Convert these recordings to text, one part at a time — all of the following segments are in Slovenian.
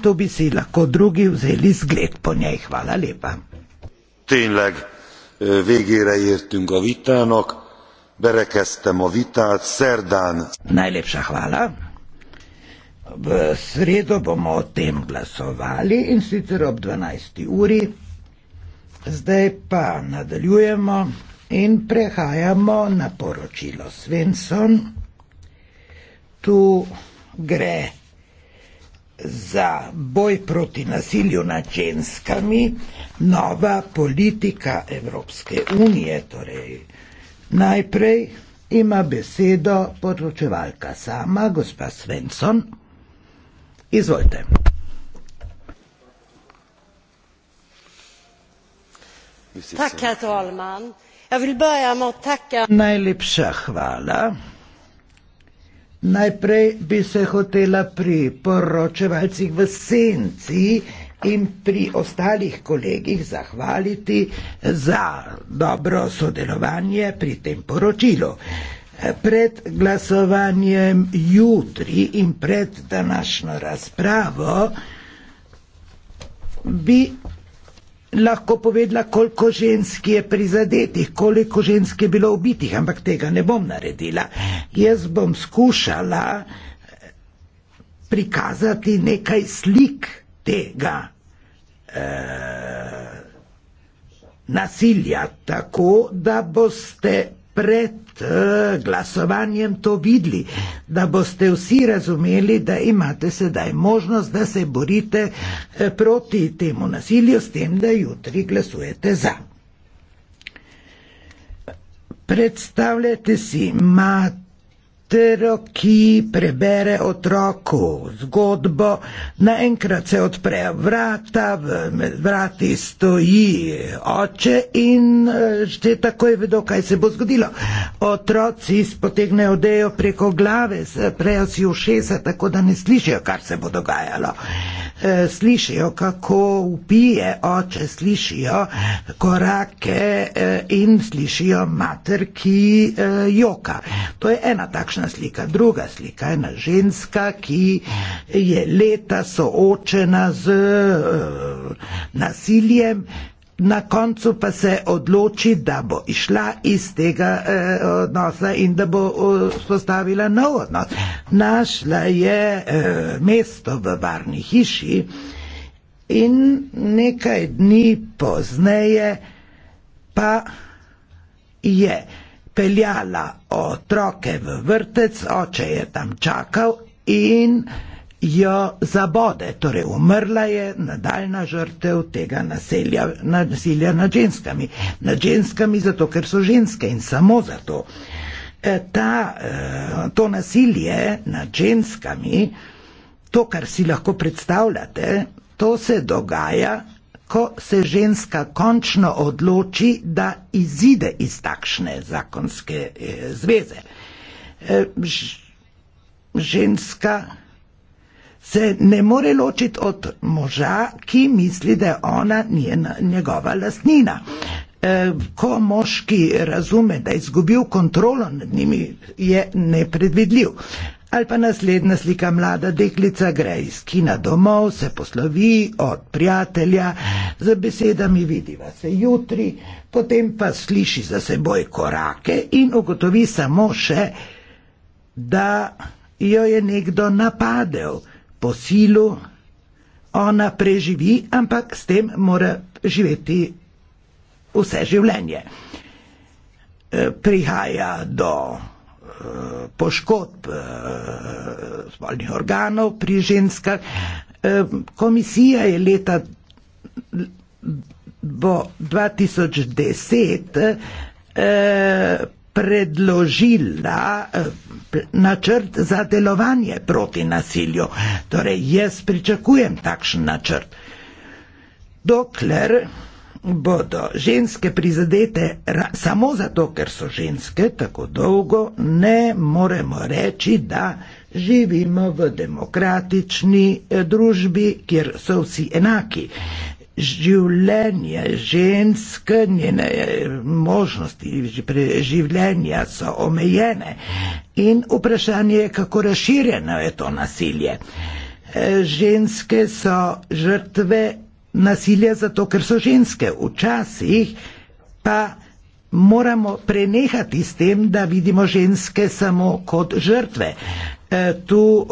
To bi si lahko drugi vzeli zgled po njej, hvala lepa. Tényleg, végére értünk a vitának, berekeztem a vitát szerdán. Najlepša hvala. V sredo bomo o tem glasovali in sicer ob 12. uri. Zdaj pa nadaljujemo in prehajamo na poročilo Svensson. Tu gre za boj proti nasilju nad ženskami nova politika Evropske unije. Torej, najprej ima besedo podločevalka sama, gospa Svensson. Izvolite. Tak, Herr Tolman. Ja, Najlepša hvala. Najprej bi se hotela pri poročevalcih v senci in pri ostalih kolegih zahvaliti za dobro sodelovanje pri tem poročilu. Pred glasovanjem jutri in pred današnjo razpravo bi lahko povedala, koliko žensk je prizadetih, koliko žensk je bilo ubitih, ampak tega ne bom naredila. Jaz bom skušala eh, prikazati nekaj slik tega eh, nasilja, tako da boste pred eh, glasovanjem to videli, da boste vsi razumeli, da imate sedaj možnost, da se borite eh, proti temu nasilju, s tem, da jutri glasujete za. Predstavljate si, imate. Pedro, ki prebere otroku zgodbo, naenkrat se odpre vrata, v vrati stoji oče in eh, že takoj vedo, kaj se bo zgodilo. Otroci spotegnejo dejo preko glave, prejo si ušesa, tako da ne slišijo, kar se bo dogajalo. Eh, slišijo, kako upije oče, slišijo korake eh, in slišijo mater, ki joka. To je ena takšna ena slika, druga slika, ena ženska, ki je leta soočena z eh, nasiljem, na koncu pa se odloči, da bo išla iz tega eh, odnosa in da bo spostavila eh, nov odnos. Našla je mesto v varni hiši in nekaj dni pozneje pa je peljala otroke v vrtec, oče je tam čakal in jo zabode. Torej, umrla je nadaljna žrtev tega naselja, nasilja nad ženskami. Nad ženskami zato, ker so ženske in samo zato. E, ta, e, to nasilje nad ženskami, to, kar si lahko predstavljate, to se dogaja ko se ženska končno odloči, da izide iz takšne zakonske eh, zveze. Eh, ženska se ne more ločiti od moža, ki misli, da je ona njena, njegova lastnina. Eh, ko moški razume, da je izgubil kontrolo nad njimi, je nepredvidljiv. Ali pa naslednja slika mlada deklica gre iz kina domov, se poslovi od prijatelja, z besedami vidiva se jutri, potem pa sliši za seboj korake in ugotovi samo še, da jo je nekdo napadel po silu, ona preživi, ampak s tem mora živeti vse življenje. E, prihaja do Eh, poškodb eh, spolnih organov pri ženskah. Eh, komisija je leta 2010 predložila načrt za delovanje proti nasilju. Torej, jaz pričakujem takšen načrt. Dokler bodo ženske prizadete samo zato, ker so ženske tako dolgo, ne moremo reči, da živimo v demokratični eh, družbi, kjer so vsi enaki. Življenje žensk, njene eh, možnosti življenja so omejene in vprašanje je, kako razširjeno je to nasilje. Eh, ženske so žrtve nasilja, zato ker so ženske. Včasih pa moramo prenehati s tem, da vidimo ženske samo kot žrtve. E, tu e,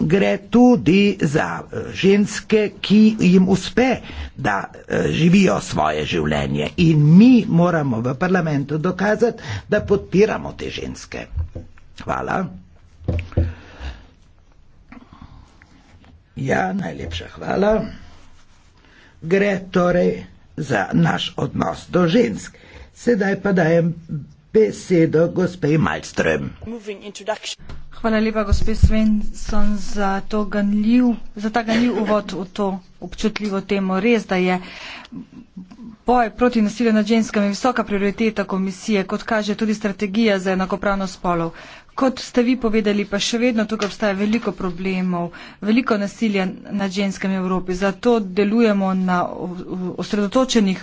gre tudi za e, ženske, ki jim uspe, da e, živijo svoje življenje. In mi moramo v parlamentu dokazati, da podpiramo te ženske. Hvala. Ja, najlepša hvala gre torej za naš odnos do žensk. Sedaj pa dajem besedo gospe Malstrem. Hvala lepa, gospe Svensson, za, ganljiv, za ta ganljiv uvod v to občutljivo temo. Res, da je boj proti nasilju nad ženskami visoka prioriteta komisije, kot kaže tudi strategija za enakopravnost spolov kot ste vi povedali, pa še vedno tukaj obstaja veliko problemov, veliko nasilja nad ženskami v Evropi. Zato delujemo na osredotočenih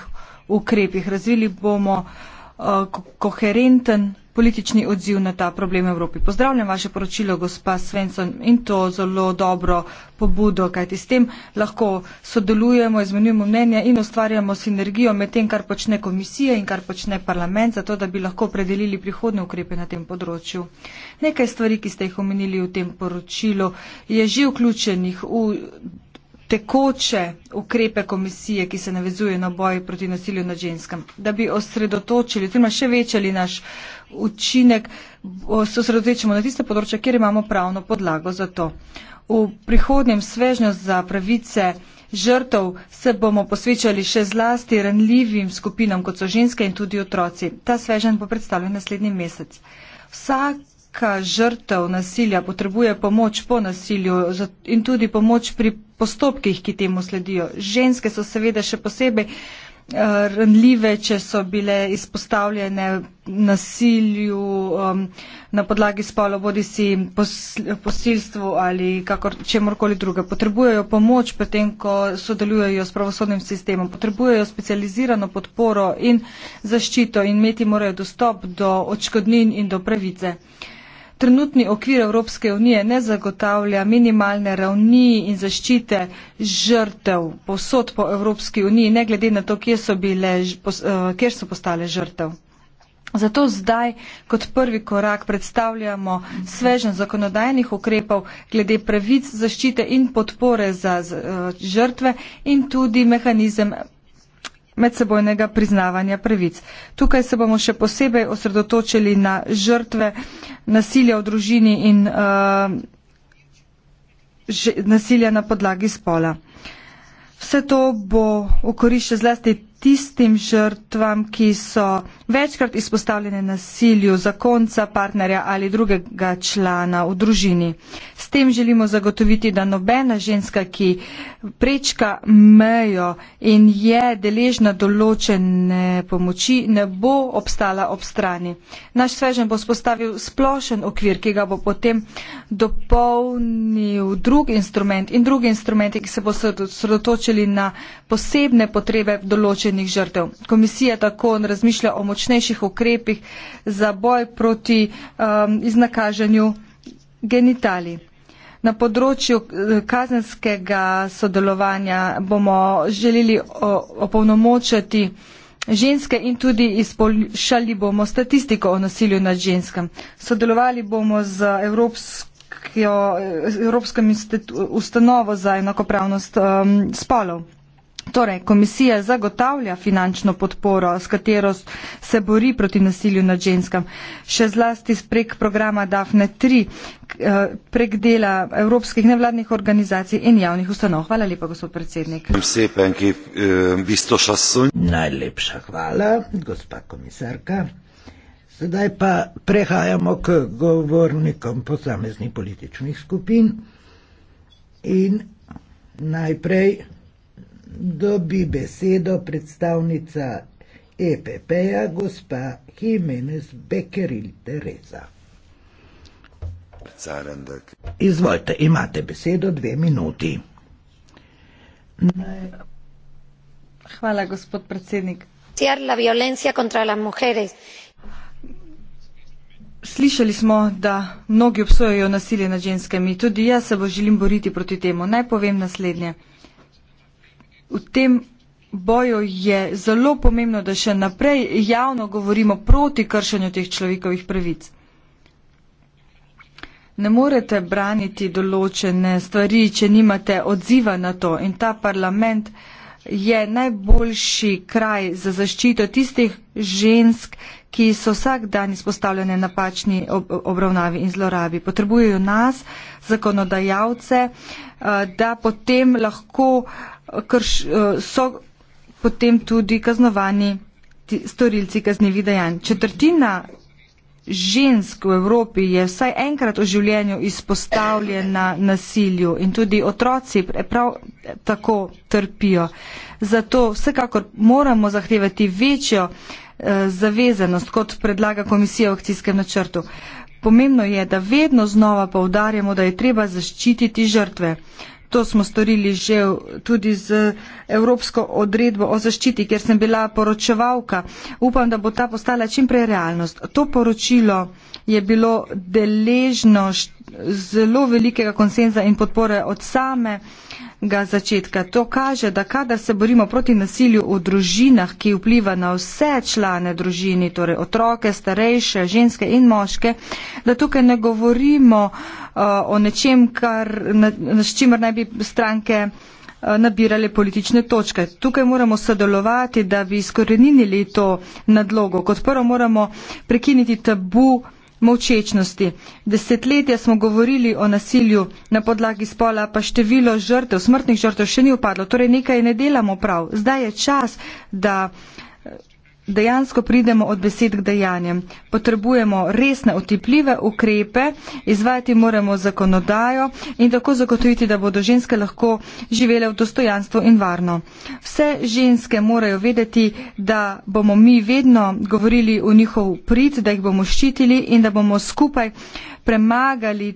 ukrepih. Razvili bomo eh, koherenten politični odziv na ta problem v Evropi. Pozdravljam vaše poročilo, gospa Svensson, in to zelo dobro pobudo, kajti s tem lahko sodelujemo, izmenjujemo mnenja in ustvarjamo sinergijo med tem, kar počne komisija in kar počne parlament, zato da bi lahko predelili prihodne ukrepe na tem področju. Nekaj stvari, ki ste jih omenili v tem poročilu, je že vključenih v tekoče ukrepe komisije, ki se navezuje na boj proti nasilju nad ženskam, da bi osredotočili, oziroma še večali naš učinek, se osredotočimo na tiste področja, kjer imamo pravno podlago za to. V prihodnjem svežnju za pravice žrtov se bomo posvečali še zlasti ranljivim skupinam, kot so ženske in tudi otroci. Ta svežen bo predstavljen naslednji mesec. Vsak Ženska žrtev nasilja potrebuje pomoč po nasilju in tudi pomoč pri postopkih, ki temu sledijo. Ženske so seveda še posebej eh, ranljive, če so bile izpostavljene nasilju um, na podlagi spolo, bodi si posilstvu ali kakor, čemorkoli druge. Potrebujejo pomoč pri tem, ko sodelujejo s pravosodnim sistemom, potrebujejo specializirano podporo in zaščito in imeti morajo dostop do očkodnin in do pravice. Uh, Trenutni okvir Evropske unije ne zagotavlja minimalne ravni in zaščite žrtev posod po Evropski uniji, ne glede na to, kje so, bile, eh, kje so postale žrtev. Zato zdaj kot prvi korak predstavljamo svežen zakonodajnih ukrepov glede pravic zaščite in podpore za eh, žrtve in tudi mehanizem medsebojnega priznavanja pravic. Tukaj se bomo še posebej osredotočili na žrtve nasilja v družini in uh, nasilja na podlagi spola. Vse to bo v korišče zlasti tistim žrtvam, ki so večkrat izpostavljene nasilju zakonca, partnerja ali drugega člana v družini. S tem želimo zagotoviti, da nobena ženska, ki prečka mejo in je deležna določene pomoči, ne bo obstala ob strani. Naš svežen bo spostavil splošen okvir, ki ga bo potem dopolnil drug instrument in drugi instrumenti, ki se bo sredotočili na posebne potrebe določenih upravičenih žrtev. Komisija tako razmišlja o močnejših ukrepih za boj proti um, iznakaženju genitalij. Na področju eh, kazenskega sodelovanja bomo želeli opolnomočati ženske in tudi izpolšali bomo statistiko o nasilju nad ženskem. Sodelovali bomo z eh, Evropsko, Evropsko ustanovo za enakopravnost um, spolov. Torej, komisija zagotavlja finančno podporo, s katero se bori proti nasilju nad ženskam, še zlasti prek programa DAFNE 3, eh, prek dela evropskih nevladnih organizacij in javnih ustanov. Hvala lepa, gospod predsednik. Najlepša hvala, gospa komisarka. Sedaj pa prehajamo k govornikom posameznih političnih skupin in najprej dobi besedo predstavnica EPP-ja, gospa Jimenez Bekeril Tereza. Carendek. Izvolite, imate besedo dve minuti. Naj... Hvala, gospod predsednik. La violencia contra las mujeres. Slišali smo, da mnogi obsojajo nasilje nad ženskami. Tudi jaz se bo želim boriti proti temu. Naj povem naslednje v tem boju je zelo pomembno, da še naprej javno govorimo proti kršenju teh človekovih pravic. Ne morete braniti določene stvari, če nimate odziva na to. In ta parlament je najboljši kraj za zaščito tistih žensk, ki so vsak dan izpostavljene napačni obravnavi in zlorabi. Potrebujejo nas, zakonodajalce, eh, da potem lahko krš, eh, so potem tudi kaznovani storilci kaznjivih dejanj. Četrtina žensk v Evropi je vsaj enkrat v življenju izpostavljena nasilju in tudi otroci prav tako trpijo. Zato vsekakor moramo zahtevati večjo eh, zavezanost, kot predlaga komisija v akcijskem načrtu. Pomembno je, da vedno znova poudarjamo, da je treba zaščititi žrtve. Eh, To smo storili že tudi z Evropsko odredbo o zaščiti, ker sem bila poročevalka. Upam, da bo ta postala čimprej realnost. To poročilo je bilo deležno zelo velikega konsenza in podpore od samega začetka. To kaže, da kadar se borimo proti nasilju v družinah, ki vpliva na vse člane družini, torej otroke, starejše, ženske in moške, da tukaj ne govorimo uh, o nečem, kar, na, s čimer naj bi stranke uh, nabirali politične točke. Tukaj moramo sodelovati, da bi izkorenili to nadlogo. Kot prvo moramo prekiniti tabu molčečnosti. Desetletja smo govorili o nasilju na podlagi spola, pa število žrtev, smrtnih žrtev še ni upadlo. Torej nekaj ne delamo prav. Zdaj je čas, da dejansko pridemo od besed k dejanjem. Potrebujemo resne otepljive ukrepe, izvajati moramo zakonodajo in tako zagotoviti, da bodo ženske lahko živele v dostojanstvu in varno. Vse ženske morajo vedeti, da bomo mi vedno govorili v njihov prid, da jih bomo ščitili in da bomo skupaj premagali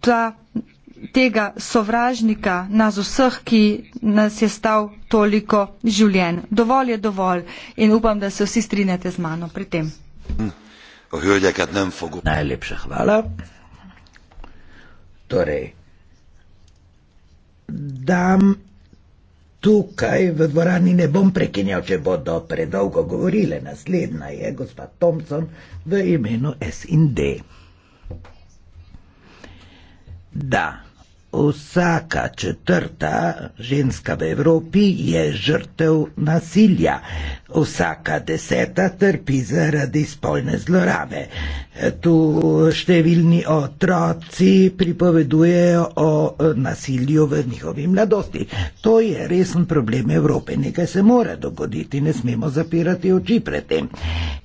ta tega sovražnika nas vseh, ki nas je stal toliko življenj. Dovolj je dovolj in upam, da se vsi strinjate z mano pri tem. Najlepša hvala. Torej, dam tukaj v dvorani, ne bom prekinjal, če bodo predolgo govorile. Naslednja je gospod Thompson v imenu SND. Da. Vsaka četrta ženska v Evropi je žrtev nasilja, vsaka deseta trpi zaradi spolne zlorabe. Tu številni otroci pripovedujejo o nasilju v njihovi mladosti. To je resen problem Evrope, nekaj se mora dogoditi, ne smemo zapirati oči pred tem.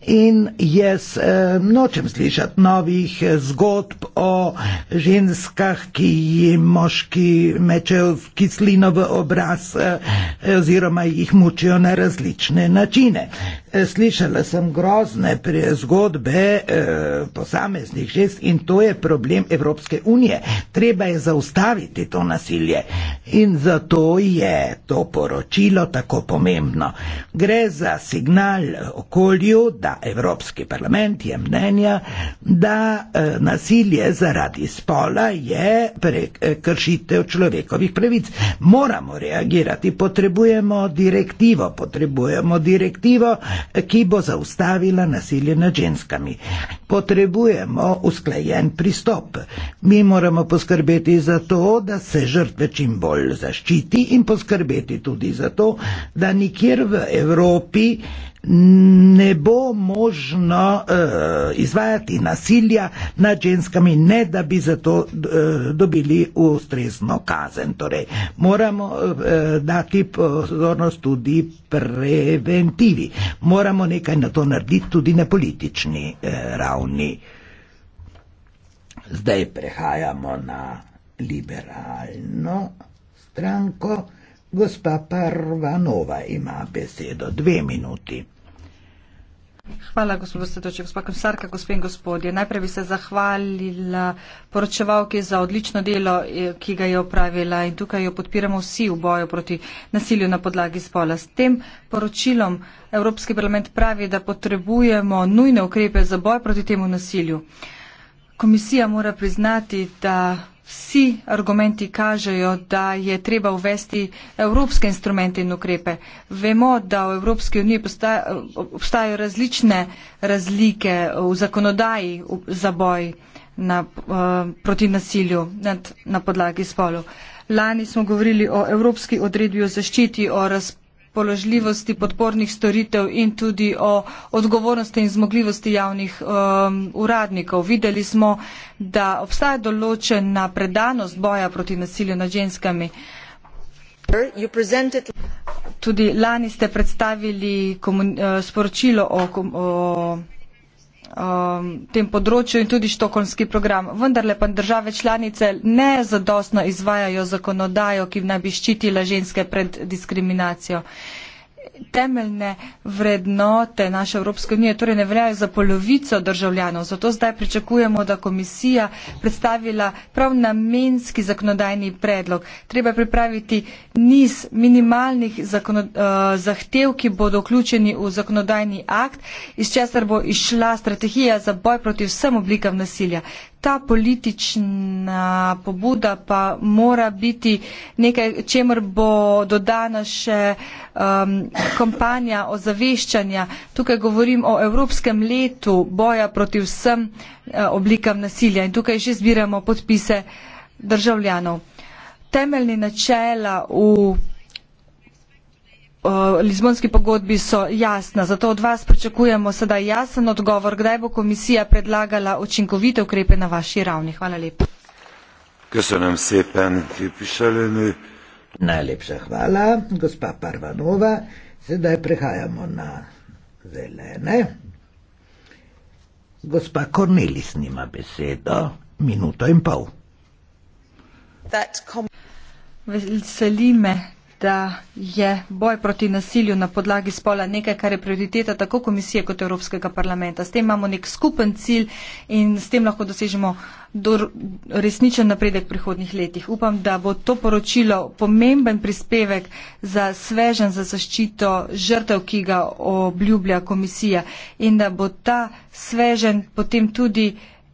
In jaz eh, nočem slišati novih zgodb o ženskah, ki jim moški mečejo kislino v obraz eh, eh, oziroma jih mučijo na različne načine. Eh, slišala sem grozne zgodbe posameznih žest in to je problem Evropske unije. Treba je zaustaviti to nasilje in zato je to poročilo tako pomembno. Gre za signal okolju, da Evropski parlament je mnenja, da nasilje zaradi spola je prek kršitev človekovih pravic. Moramo reagirati, potrebujemo direktivo, potrebujemo direktivo, ki bo zaustavila nasilje nad ženskami. Potrebujemo usklajen pristop. Mi moramo poskrbeti za to, da se žrtve čim bolj zaščiti in poskrbeti tudi za to, da nikjer v Evropi ne bo možno uh, izvajati nasilja nad ženskami, ne da bi zato uh, eh, dobili ustrezno kazen. Torej, moramo uh, dati pozornost tudi preventivi. Moramo nekaj na to narediti tudi na politični uh, ravni. Zdaj prehajamo na liberalno stranko. Gospa Prva Nova ima besedo dve minuti. Hvala, gospod Sredoče, gospod Komisarka, gospod in gospodje. Najprej bi se zahvalila poročevalki za odlično delo, eh, ki ga je opravila in tukaj jo podpiramo vsi v boju proti nasilju na podlagi spola. S tem poročilom Evropski parlament pravi, da potrebujemo nujne ukrepe za boj proti temu nasilju. Komisija mora priznati, da vsi argumenti kažejo, da je treba uvesti evropske instrumente in ukrepe. Vemo, da v Evropski uniji obstajajo različne razlike v zakonodaji za boj na, uh, proti nasilju nad, na podlagi spolu. Lani smo govorili o evropski odredbi o zaščiti, o razpolnosti položljivosti podpornih storitev in tudi o odgovornosti in zmogljivosti javnih um, uradnikov. Videli smo, da obstaja določena predanost boja proti nasilju nad ženskami. Tudi lani ste predstavili eh, sporočilo o. o um, tem področju in tudi štokholmski program. Vendarle pa države članice ne zadostno izvajajo zakonodajo, ki naj bi ščitila ženske pred diskriminacijo. Uh, temeljne vrednote naše Evropske unije torej ne veljajo za polovico državljanov. Zato zdaj pričakujemo, da komisija predstavila prav namenski zakonodajni predlog. Treba pripraviti niz minimalnih eh, zahtev, ki bodo vključeni v zakonodajni akt, iz česar bo išla strategija za boj proti vsem oblikam nasilja ta politična pobuda pa mora biti nekaj, čemer bo dodana še um, kampanja o zaveščanja. Tukaj govorim o Evropskem letu boja proti vsem uh, oblikam nasilja in tukaj že zbiramo podpise državljanov. Temeljni načela v o Lizbonski pogodbi so jasna, zato od vas pričakujemo sedaj jasen odgovor, kdaj bo komisija predlagala učinkovite ukrepe na vaši ravni. Hvala lepa. Köszönöm szépen, képviselőnő. Najlepša hvala, gospa Parvanova. Sedaj prehajamo na zelene. Gospa Kornelis nima besedo. Minuto in pol. Veseli me, da je boj proti nasilju na podlagi spola nekaj, kar je prioriteta tako komisije kot Evropskega parlamenta. S tem imamo nek skupen cilj in s tem lahko dosežemo resničen napredek v prihodnih letih. Upam, da bo to poročilo pomemben prispevek za svežen za zaščito žrtev, ki ga obljublja komisija in da bo ta svežen potem tudi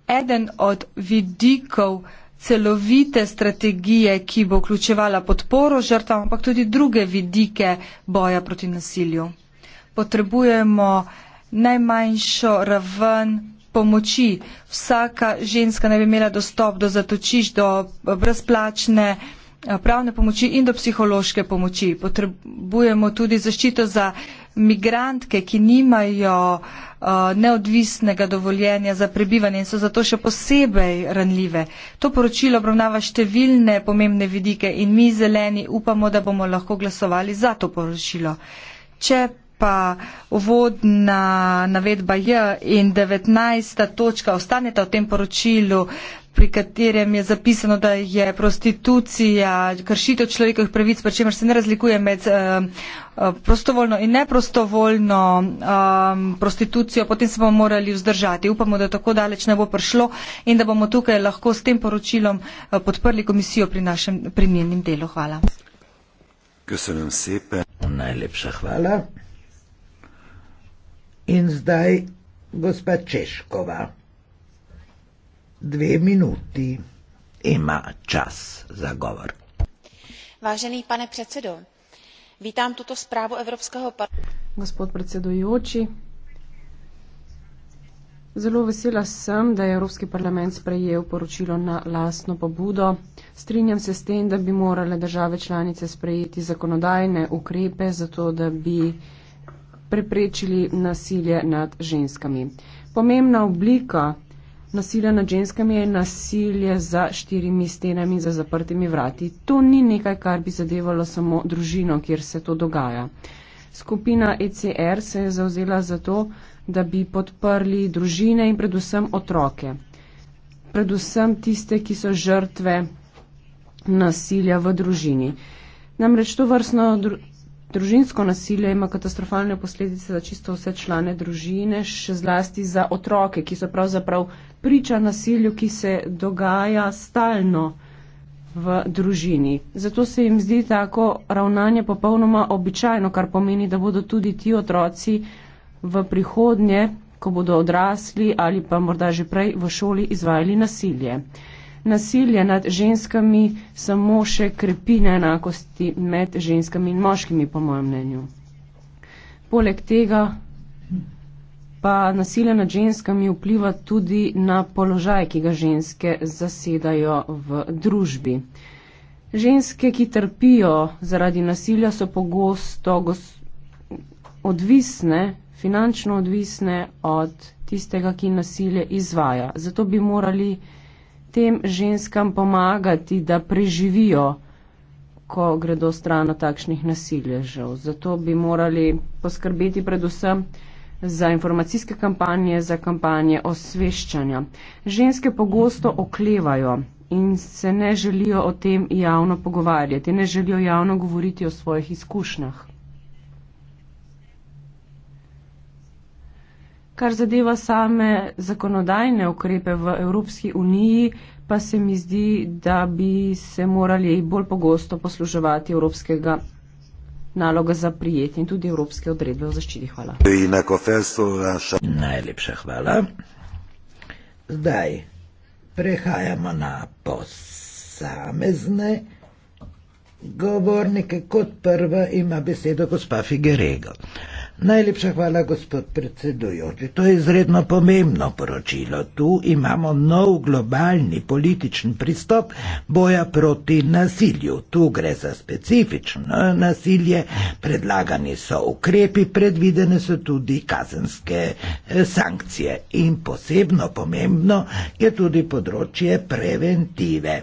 eden od vidikov, celovite strategije, ki bo vključevala podporo žrtvam, ampak tudi druge vidike boja proti nasilju. Potrebujemo najmanjšo raven pomoči. Vsaka ženska naj bi imela dostop do zatočiš, do brezplačne eh, pravne pomoči in do psihološke pomoči. Potrebujemo tudi zaščito za migrantke, ki nimajo uh, neodvisnega dovoljenja za prebivanje in so zato še posebej ranljive. To poročilo obravnava številne pomembne vidike in mi zeleni upamo, da bomo lahko glasovali za to poročilo. Če pa uvodna navedba J in 19. točka ostaneta v tem poročilu, pri katerem je zapisano, da je prostitucija kršitev človekovih pravic, pri čemer se ne razlikuje med eh, eh, prostovoljno in neprostovoljno um, prostitucijo, potem se bomo morali vzdržati. Upamo, da tako daleč ne bo prišlo in da bomo tukaj lahko s tem poročilom podprli komisijo pri, našem, pri njenim delu. Hvala. Najlepša hvala in zdaj gospa Češkova. Dve minuti ima čas za govor. Vážený pane predsedo, vítam tuto správu Evropského parlamentu. Gospod predsedujoči, zelo vesela sem, da je Evropski parlament sprejel poročilo na lastno pobudo. Strinjam se s tem, da bi morale države članice sprejeti zakonodajne ukrepe, zato da bi preprečili nasilje nad ženskami. Pomembna oblika nasilja nad ženskami je nasilje za štirimi stenami, za zaprtimi vrati. To ni nekaj, kar bi zadevalo samo družino, kjer se to dogaja. Skupina ECR se je zauzela za to, da bi podprli družine in predvsem otroke. Predvsem tiste, ki so žrtve nasilja v družini. Namreč to vrstno Družinsko nasilje ima katastrofalne posledice za čisto vse člane družine, še zlasti za otroke, ki so pravzaprav priča nasilju, ki se dogaja stalno v družini. Zato se jim zdi tako ravnanje popolnoma običajno, kar pomeni, da bodo tudi ti otroci v prihodnje, ko bodo odrasli ali pa morda že prej v šoli izvajali nasilje nasilje nad ženskami samo še krepi neenakosti med ženskami in moškimi, po mojem mnenju. Poleg tega pa nasilje nad ženskami vpliva tudi na položaj, ki ga ženske zasedajo v družbi. Ženske, ki trpijo zaradi nasilja, so pogosto odvisne, finančno odvisne od tistega, ki nasilje izvaja. Zato bi morali tem ženskam pomagati, da preživijo, ko gredo strano takšnih nasiležev. Zato bi morali poskrbeti predvsem za informacijske kampanje, za kampanje osveščanja. Ženske pogosto oklevajo in se ne želijo o tem javno pogovarjati, ne želijo javno govoriti o svojih izkušnjah. Kar zadeva same zakonodajne ukrepe v Evropski uniji, pa se mi zdi, da bi se morali bolj pogosto posluževati evropskega naloga za prijetje in tudi evropske odredbe o zaščiti. Hvala. Najlepša hvala. Zdaj prehajamo na posamezne govornike. Kot prva ima besedo gospa Figueredo. Najlepša hvala, gospod predsedujoči. To je izredno pomembno poročilo. Tu imamo nov globalni političen pristop boja proti nasilju. Tu gre za specifično nasilje, predlagani so ukrepi, predvidene so tudi kazenske eh, sankcije. In posebno pomembno je tudi področje preventive.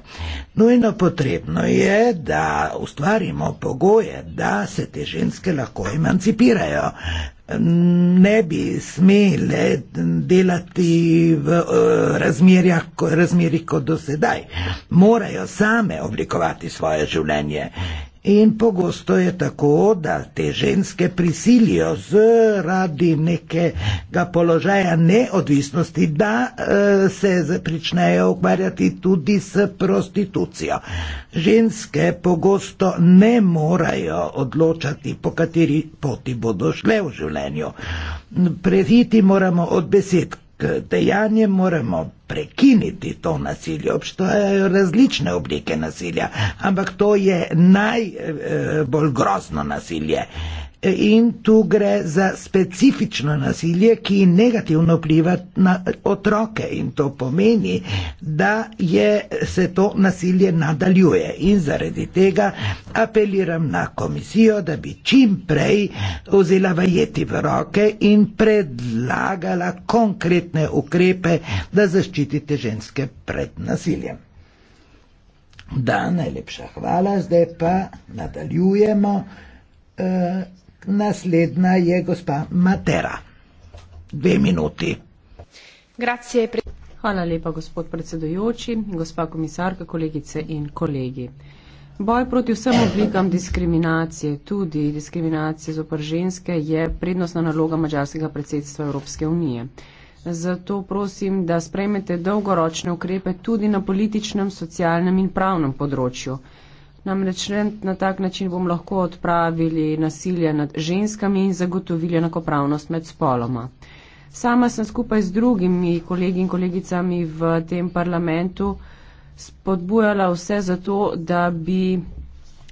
Nujno potrebno je, da ustvarimo pogoje, da se te ženske lahko emancipirajo ne bi smele delati v eh, razmerjah, razmerih kot dosedaj. Morajo same oblikovati svoje življenje In pogosto je tako, da te ženske prisilijo zaradi nekega položaja neodvisnosti, da eh, se začnejo ukvarjati tudi s prostitucijo. Ženske pogosto ne morajo odločati, po kateri poti bodo šle v življenju. Prehiti moramo od besed dejanjem moramo prekiniti to nasilje. Obstajajo različne oblike nasilja, ampak to je najbolj eh, grozno nasilje. In tu gre za specifično nasilje, ki negativno vpliva na otroke in to pomeni, da je, se to nasilje nadaljuje. In zaradi tega apeliram na komisijo, da bi čim prej vzela vajeti v roke in predlagala konkretne ukrepe, da zaščitite ženske pred nasiljem. Da, najlepša hvala, zdaj pa nadaljujemo. Eh, Naslednja je gospa Matera. Dve minuti. Hvala lepa, gospod predsedujoči, gospa komisarka, kolegice in kolegi. Boj proti vsem oblikam diskriminacije, tudi diskriminacije zopr ženske, je prednostna naloga mađarskega predsedstva Evropske unije. Zato prosim, da sprejmete dolgoročne ukrepe tudi na političnem, socialnem in pravnem področju. Namreč na tak način bomo lahko odpravili nasilje nad ženskami in zagotovili enakopravnost med spoloma. Sama sem skupaj z drugimi kolegi in kolegicami v tem parlamentu spodbujala vse zato, da bi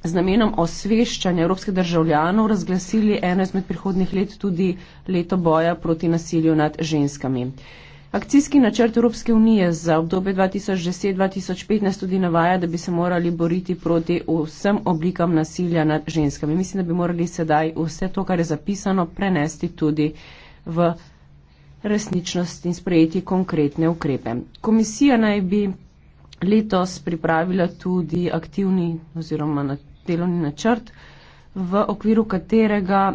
z namenom osveščanja evropskih državljanov razglasili eno izmed prihodnih let tudi leto boja proti nasilju nad ženskami. Uh, Akcijski načrt Evropske unije za obdobje 2010-2015 tudi navaja, da bi se morali boriti proti vsem oblikam nasilja nad ženskami. Mislim, da bi morali sedaj vse to, kar je zapisano, prenesti tudi v resničnost in sprejeti konkretne ukrepe. Komisija naj bi letos pripravila tudi aktivni oziroma delovni načrt, v okviru katerega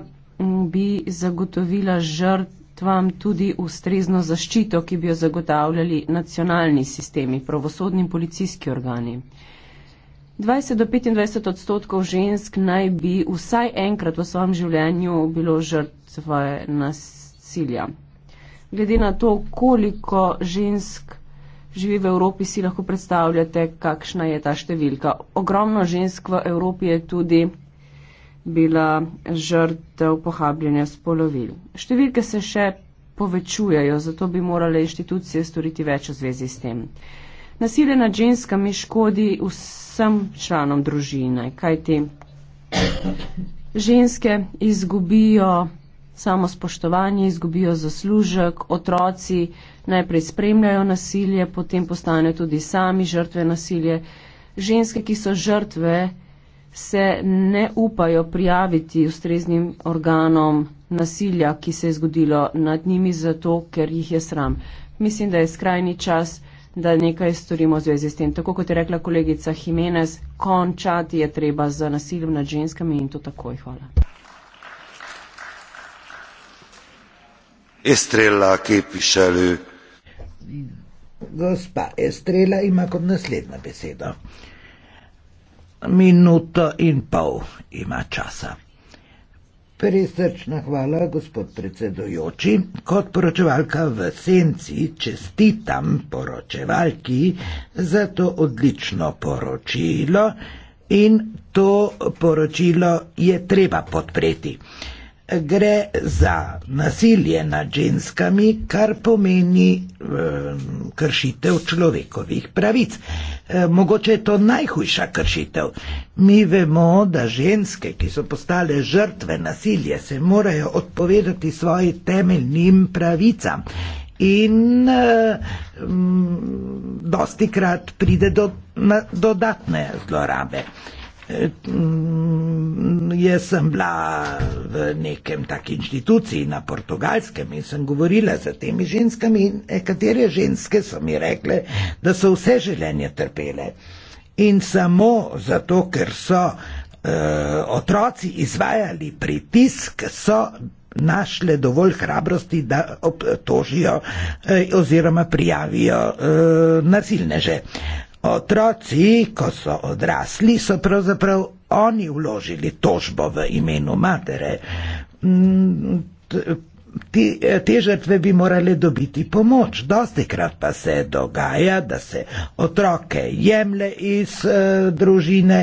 bi zagotovila žrtve vam tudi ustrezno zaščito, ki bi jo zagotavljali nacionalni sistemi, pravosodni in policijski organi. 20 do 25 odstotkov žensk naj bi vsaj enkrat v svojem življenju bilo žrtve nasilja. Glede na to, koliko žensk živi v Evropi, si lahko predstavljate, kakšna je ta številka. Ogromno žensk v Evropi je tudi bila žrtev pohabljanja spolovil. Številke se še povečujejo, zato bi morale inštitucije storiti več v zvezi s tem. Nasilje nad ženskami škodi vsem članom družine, kajti ženske izgubijo samo spoštovanje, izgubijo zaslužek, otroci najprej spremljajo nasilje, potem postanejo tudi sami žrtve nasilje. Ženske, ki so žrtve, se ne upajo prijaviti ustreznim organom nasilja, ki se je zgodilo nad njimi, zato ker jih je sram. Mislim, da je skrajni čas, da nekaj storimo v zvezi s tem. Tako kot je rekla kolegica Jimenez, končati je treba z nasiljem nad ženskami in to takoj. Hvala. Estrela, ki piše ljubezen. Gospa Estrela ima kot naslednjo besedo minuto in pol ima časa. Prisrčna hvala, gospod predsedojoči. Kot poročevalka v senci čestitam poročevalki za to odlično poročilo in to poročilo je treba podpreti. Gre za nasilje nad ženskami, kar pomeni eh, kršitev človekovih pravic. Eh, Eh, mogoče je to najhujša kršitev. Mi vemo, da ženske, ki so postale žrtve nasilja, se morajo odpovedati svojim temeljnim pravicam. In um, eh, mm, dosti krat pride do na, dodatne zlorabe. Uh, Eh, mm, jaz sem bila v nekem takem inštituciji na portugalskem in sem govorila z temi ženskami in nekatere ženske so mi rekle, da so vse življenje trpele. In samo zato, ker so uh, otroci izvajali pritisk, so našle dovolj hrabrosti, da obtožijo uh, oziroma prijavijo uh, nasilneže. Uh, Otroci, ko so odrasli, so pravzaprav oni vložili tožbo v imenu matere. Mm, te, te žrtve bi morale dobiti pomoč. Dosti krat pa se dogaja, da se otroke jemle iz e, družine.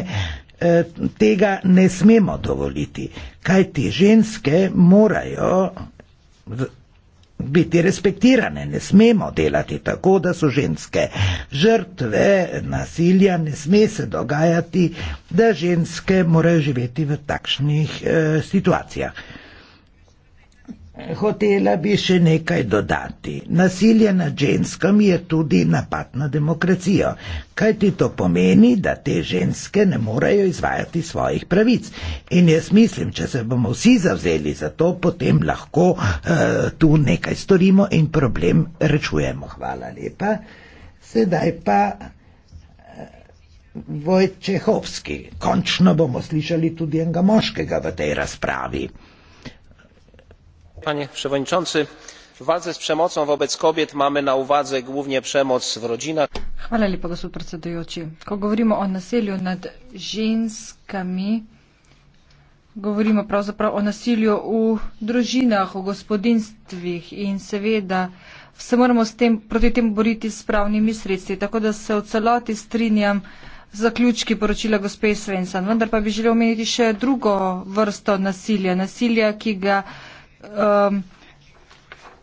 E, tega ne smemo dovoliti, kaj ti ženske morajo biti respektirane, ne smemo delati tako, da so ženske žrtve nasilja, ne sme se dogajati, da ženske morajo živeti v takšnih eh, situacijah. Hotela bi še nekaj dodati. Nasilje nad ženskami je tudi napad na demokracijo, kaj ti to pomeni, da te ženske ne morejo izvajati svojih pravic. In jaz mislim, če se bomo vsi zavzeli za to, potem lahko uh, tu nekaj storimo in problem rečujemo. Hvala lepa. Sedaj pa uh, eh, Vojčehovski. Končno bomo slišali tudi enega moškega v tej razpravi panie przewodniczący! w walce z przemocą wobec kobiet mamy na uwadze głównie przemoc w rodzinach. ko govorimo o nasilju nad ženskami govorimo pravzaprav o nasilju v družinah v gospodinstvih in seveda se moramo s tem proti tem boriti s pravnimi sredstvi tako da se v celoti strinjam zaključki poročila gospe svensson vendar pa bi želel omeniti še drugo vrsto nasilja nasilja ki ga um,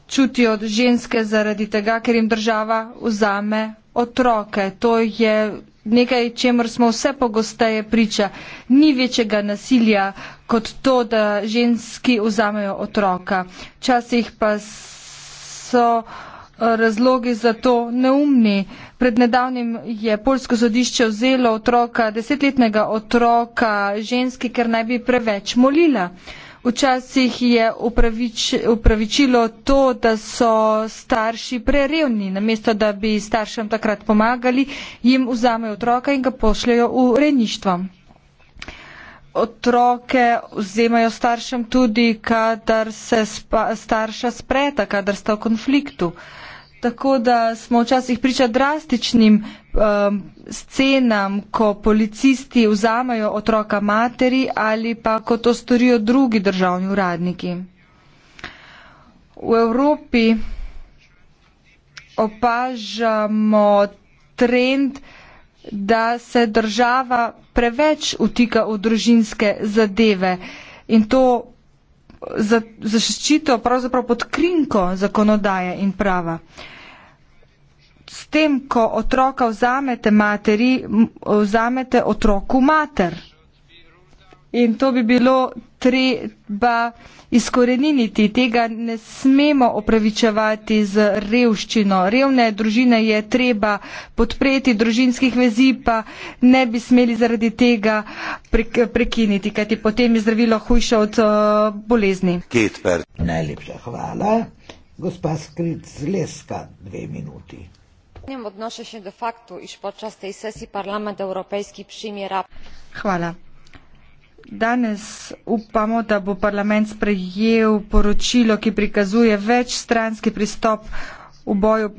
čutijo ženske zaradi tega, ker jim država vzame otroke. To je nekaj, čemer smo vse pogosteje priča. Ni večjega nasilja kot to, da ženski vzamejo otroka. Včasih pa so eh, razlogi za to neumni. Pred nedavnim je Polsko sodišče vzelo otroka, desetletnega otroka ženski, ker naj bi preveč molila. Uh, Včasih je upravič, upravičilo to, da so starši prerevni, namesto da bi staršem takrat pomagali, jim vzamejo otroka in ga pošljajo v reništvo. Otroke vzemajo staršem tudi, kadar se spa, starša spreta, kadar sta v konfliktu. Uh, Tako da smo včasih priča drastičnim um, scenam, ko policisti vzamajo otroka materi ali pa ko to storijo drugi državni uradniki. V Evropi opažamo trend, da se država preveč utika v družinske zadeve in to za zaščito pravzaprav pod krinko zakonodaje in prava. S tem, ko otroka vzamete materi, vzamete otroku mater. In to bi bilo treba izkoreniniti. Tega ne smemo opravičevati z revščino. Revne družine je treba podpreti, družinskih vezi pa ne bi smeli zaradi tega prek prekiniti, kajti potem je zdravilo hujše od uh, bolezni. Najlepša hvala. Gospa Skrit z Leska, dve minuti. Odnoša se do faktu, da je podčas tej sesiji parlament evropski primjer. Hvala. Danes upamo, da bo parlament sprejel poročilo, ki prikazuje večstranski pristop v boju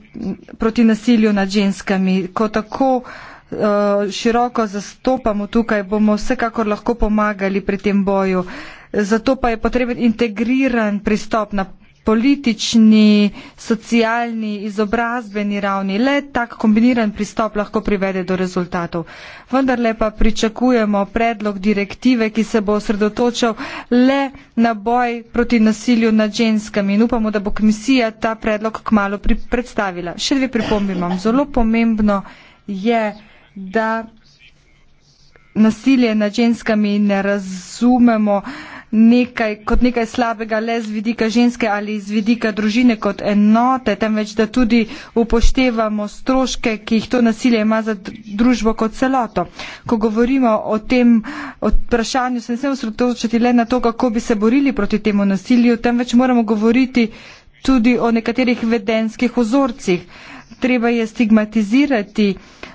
proti nasilju nad ženskami. Ko tako eh, široko zastopamo tukaj, bomo vsekakor lahko pomagali pri tem boju. Zato pa je potreben integriran pristop na politični, socialni, izobrazbeni ravni. Le tak kombiniran pristop lahko privede do rezultatov. Vendar le pa pričakujemo predlog direktive, ki se bo osredotočal le na boj proti nasilju nad ženskami in upamo, da bo komisija ta predlog k malu pri predstavila. Še dve pripombe imam. Zelo pomembno je, da nasilje nad ženskami ne razumemo nekaj, kot nekaj slabega le z vidika ženske ali z vidika družine kot enote, temveč da tudi upoštevamo stroške, ki jih to nasilje ima za družbo kot celoto. Ko govorimo o tem vprašanju, se ne smemo osredotočiti le na to, kako bi se borili proti temu nasilju, temveč moramo govoriti tudi o nekaterih vedenskih ozorcih treba je stigmatizirati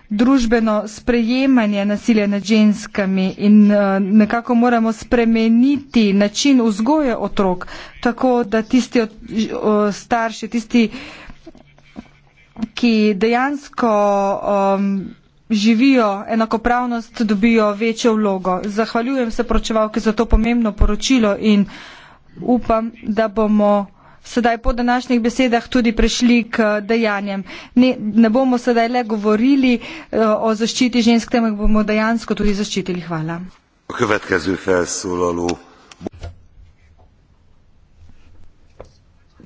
družbeno sprejemanje nasilja nad ženskami in eh, nekako moramo spremeniti način vzgoje otrok, tako da tisti starši, tisti, ki dejansko um, živijo enakopravnost, dobijo večjo vlogo. Zahvaljujem se pročevalki za to pomembno poročilo in upam, da bomo sedaj po današnjih besedah tudi prešli k dejanjem. Ne, ne bomo sedaj le govorili eh, o zaščiti žensk, temveč bomo dejansko tudi zaščitili. Hvala.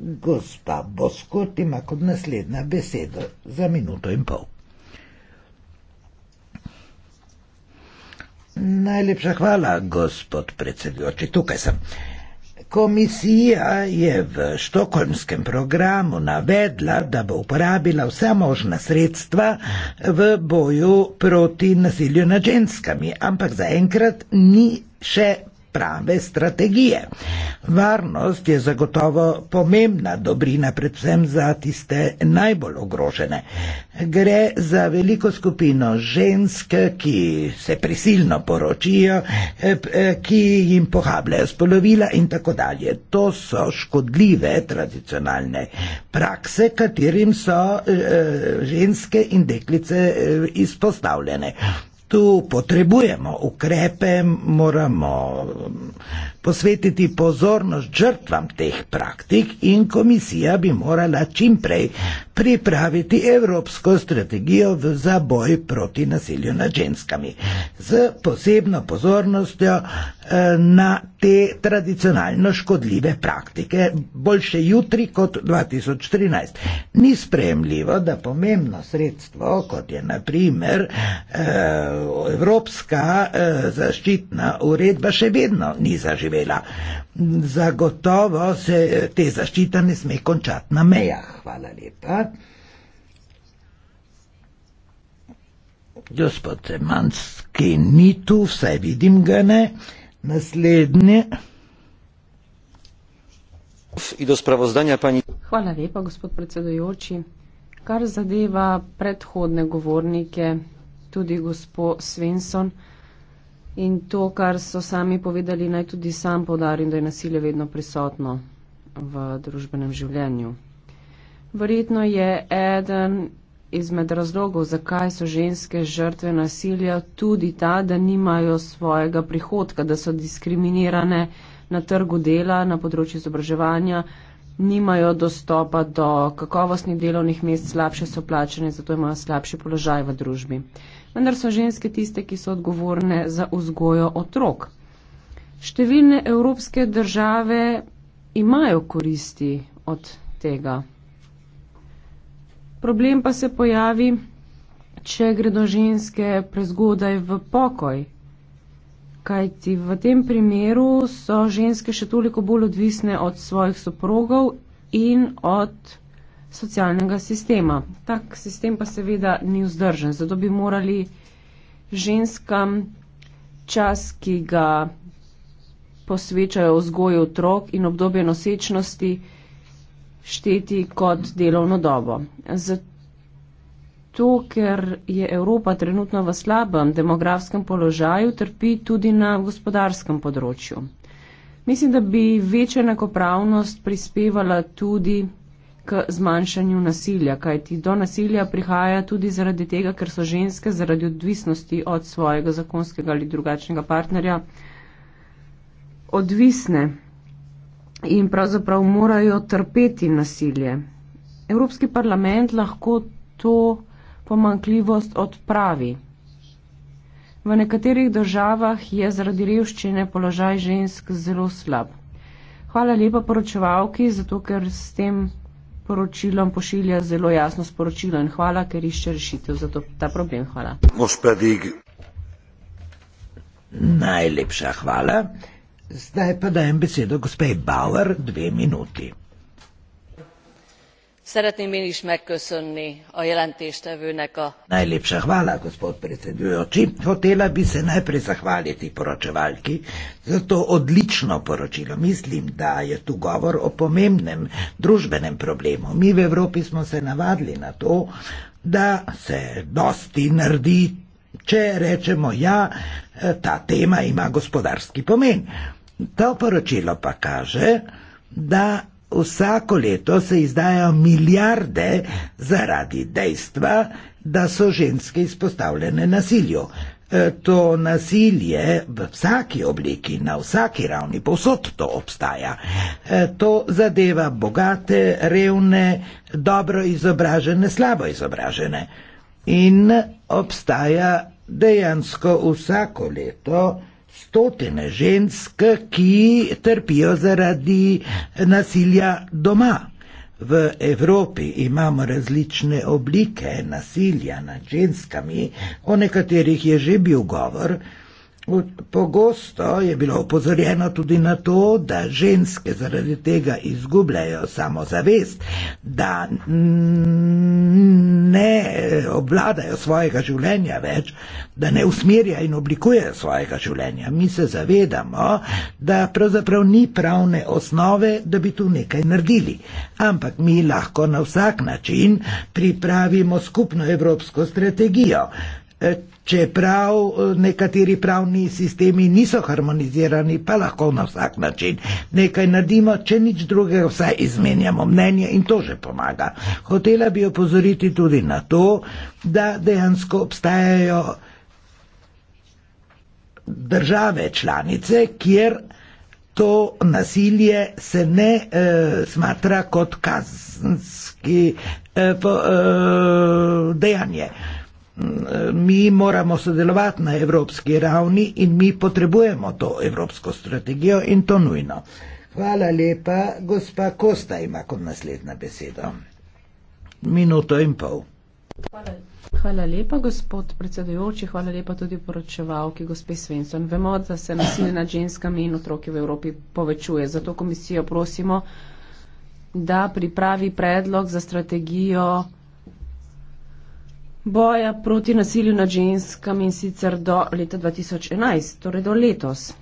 Gospa Boskot ima kot naslednja beseda za minuto in pol. Najlepša hvala, gospod predsedujoči. Tukaj sem. Uh, Komisija je v štokholmskem programu navedla, da bo uporabila vsa možna sredstva v boju proti nasilju nad ženskami, ampak zaenkrat ni še prave strategije. Varnost je zagotovo pomembna dobrina, predvsem za tiste najbolj ogrožene. Gre za veliko skupino žensk, ki se prisilno poročijo, eh, eh, ki jim pohabljajo spolovila in tako dalje. To so škodljive tradicionalne prakse, katerim so eh, ženske in deklice izpostavljene. Tu potrebujemo ukrepe, moramo posvetiti pozornost žrtvam teh praktik in komisija bi morala čim prej pripraviti evropsko strategijo za boj proti nasilju nad ženskami z posebno pozornostjo eh, na te tradicionalno škodljive praktike. Boljše jutri kot 2013. Ni sprejemljivo, da pomembno sredstvo, kot je naprimer eh, Evropska eh, zaščitna uredba, še vedno ni zaživela živela. Zagotovo se te zaščita ne sme končati na mejah. Hvala lepa. Gospod Manski ni tu, vsaj vidim ga ne. Naslednje. Hvala lepa, gospod predsedujoči. Kar zadeva predhodne govornike, tudi gospod Svensson, In to, kar so sami povedali, naj tudi sam podarim, da je nasilje vedno prisotno v družbenem življenju. Verjetno je eden izmed razlogov, zakaj so ženske žrtve nasilja, tudi ta, da nimajo svojega prihodka, da so diskriminirane na trgu dela, na področju izobraževanja, nimajo dostopa do kakovostnih delovnih mest, slabše so plačene, zato imajo slabši položaj v družbi vendar so ženske tiste, ki so odgovorne za vzgojo otrok. Številne evropske države imajo koristi od tega. Problem pa se pojavi, če gredo ženske prezgodaj v pokoj, kajti v tem primeru so ženske še toliko bolj odvisne od svojih soprogov in od socialnega sistema. Tak sistem pa seveda ni vzdržen, zato bi morali ženskam čas, ki ga posvečajo vzgoju otrok in obdobje nosečnosti, šteti kot delovno dobo. Zato, ker je Evropa trenutno v slabem demografskem položaju, trpi tudi na gospodarskem področju. Mislim, da bi večja enakopravnost prispevala tudi k zmanjšanju nasilja, kajti do nasilja prihaja tudi zaradi tega, ker so ženske zaradi odvisnosti od svojega zakonskega ali drugačnega partnerja odvisne in pravzaprav morajo trpeti nasilje. Evropski parlament lahko to pomankljivost odpravi. V nekaterih državah je zaradi revščine položaj žensk zelo slab. Hvala lepa poročevalki, zato ker s tem poročilom pošilja zelo jasno sporočilo in hvala, ker išče rešitev za to, ta problem. Hvala. Gospodig. Najlepša hvala. Zdaj pa dajem besedo gospej Bauer, dve minuti. Szeretném én is megköszönni a jelentéstevőnek a... Najlepša hvala, gospod predsedujoči. Hotela bi se najprej zahvaliti poročevalki za to odlično poročilo. Mislim, da je tu govor o pomembnem družbenem problemu. Mi v Evropi smo se navadili na to, da se dosti naredi, če rečemo ja, ta tema ima gospodarski pomen. To poročilo pa kaže, da Vsako leto se izdajo milijarde zaradi dejstva, da so ženske izpostavljene nasilju. E, to nasilje v vsaki obliki, na vsaki ravni, povsod to obstaja. E, to zadeva bogate, revne, dobro izobražene, slabo izobražene. In obstaja dejansko vsako leto stotine žensk, ki trpijo zaradi nasilja doma. V Evropi imamo različne oblike nasilja nad ženskami, o nekaterih je že bil govor. Pogosto je bilo opozorjeno tudi na to, da ženske zaradi tega izgubljajo samozavest, da obvladajo svojega življenja več, da ne usmerjajo in oblikujejo svojega življenja. Mi se zavedamo, da pravzaprav ni pravne osnove, da bi tu nekaj naredili. Ampak mi lahko na vsak način pripravimo skupno evropsko strategijo. Čeprav e, nekateri pravni sistemi niso harmonizirani, pa lahko na vsak način nekaj naredimo, če nič drugega, vsaj izmenjamo mnenje in to že pomaga. Hotela bi opozoriti tudi na to, da dejansko obstajajo države članice, kjer to nasilje se ne e, smatra kot kazenski e, po, e, dejanje. E, mi moramo sodelovati na evropski ravni in mi potrebujemo to evropsko strategijo in to nujno. Hvala lepa, gospa Kosta ima kot naslednja beseda. Minuto in pol. Hvala. Hvala lepa, gospod predsedujoči, hvala lepa tudi poročevalki, gospe Svensson. Vemo, da se nasilje nad ženskami in otroki v Evropi povečuje, zato komisijo prosimo, da pripravi predlog za strategijo boja proti nasilju nad ženskami in sicer do leta 2011, torej do letos.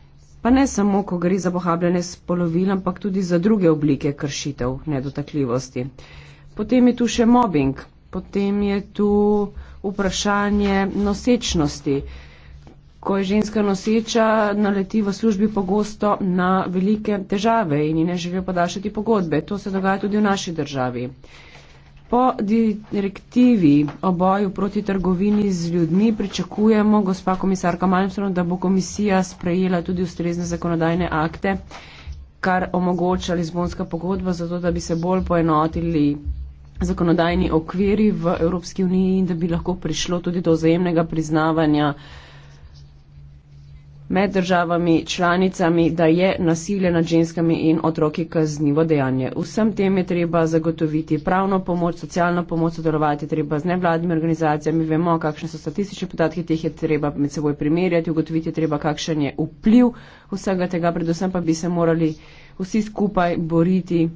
Pa ne samo, ko gre za pohabljene spolovil, ampak tudi za druge oblike kršitev nedotakljivosti. Potem je tu še mobbing, potem je tu vprašanje nosečnosti. Ko je ženska noseča, naleti v službi pogosto na velike težave in ji ne želijo podaljšati pogodbe. To se dogaja tudi v naši državi. Po direktivi o boju proti trgovini z ljudmi pričakujemo, gospa komisarka Malmström, da bo komisija sprejela tudi ustrezne zakonodajne akte, kar omogoča Lizbonska pogodba, zato da bi se bolj poenotili zakonodajni okviri v Evropski uniji in da bi lahko prišlo tudi do vzajemnega priznavanja uh, med državami članicami, da je nasilje nad ženskami in otroki kaznivo dejanje. Vsem tem je treba zagotoviti pravno pomoč, socialno pomoč, sodelovati treba z nevladnimi organizacijami. Vemo, kakšne so statistične podatke, teh je treba med seboj primerjati, ugotoviti treba, kakšen je vpliv vsega tega. Predvsem pa bi se morali vsi skupaj boriti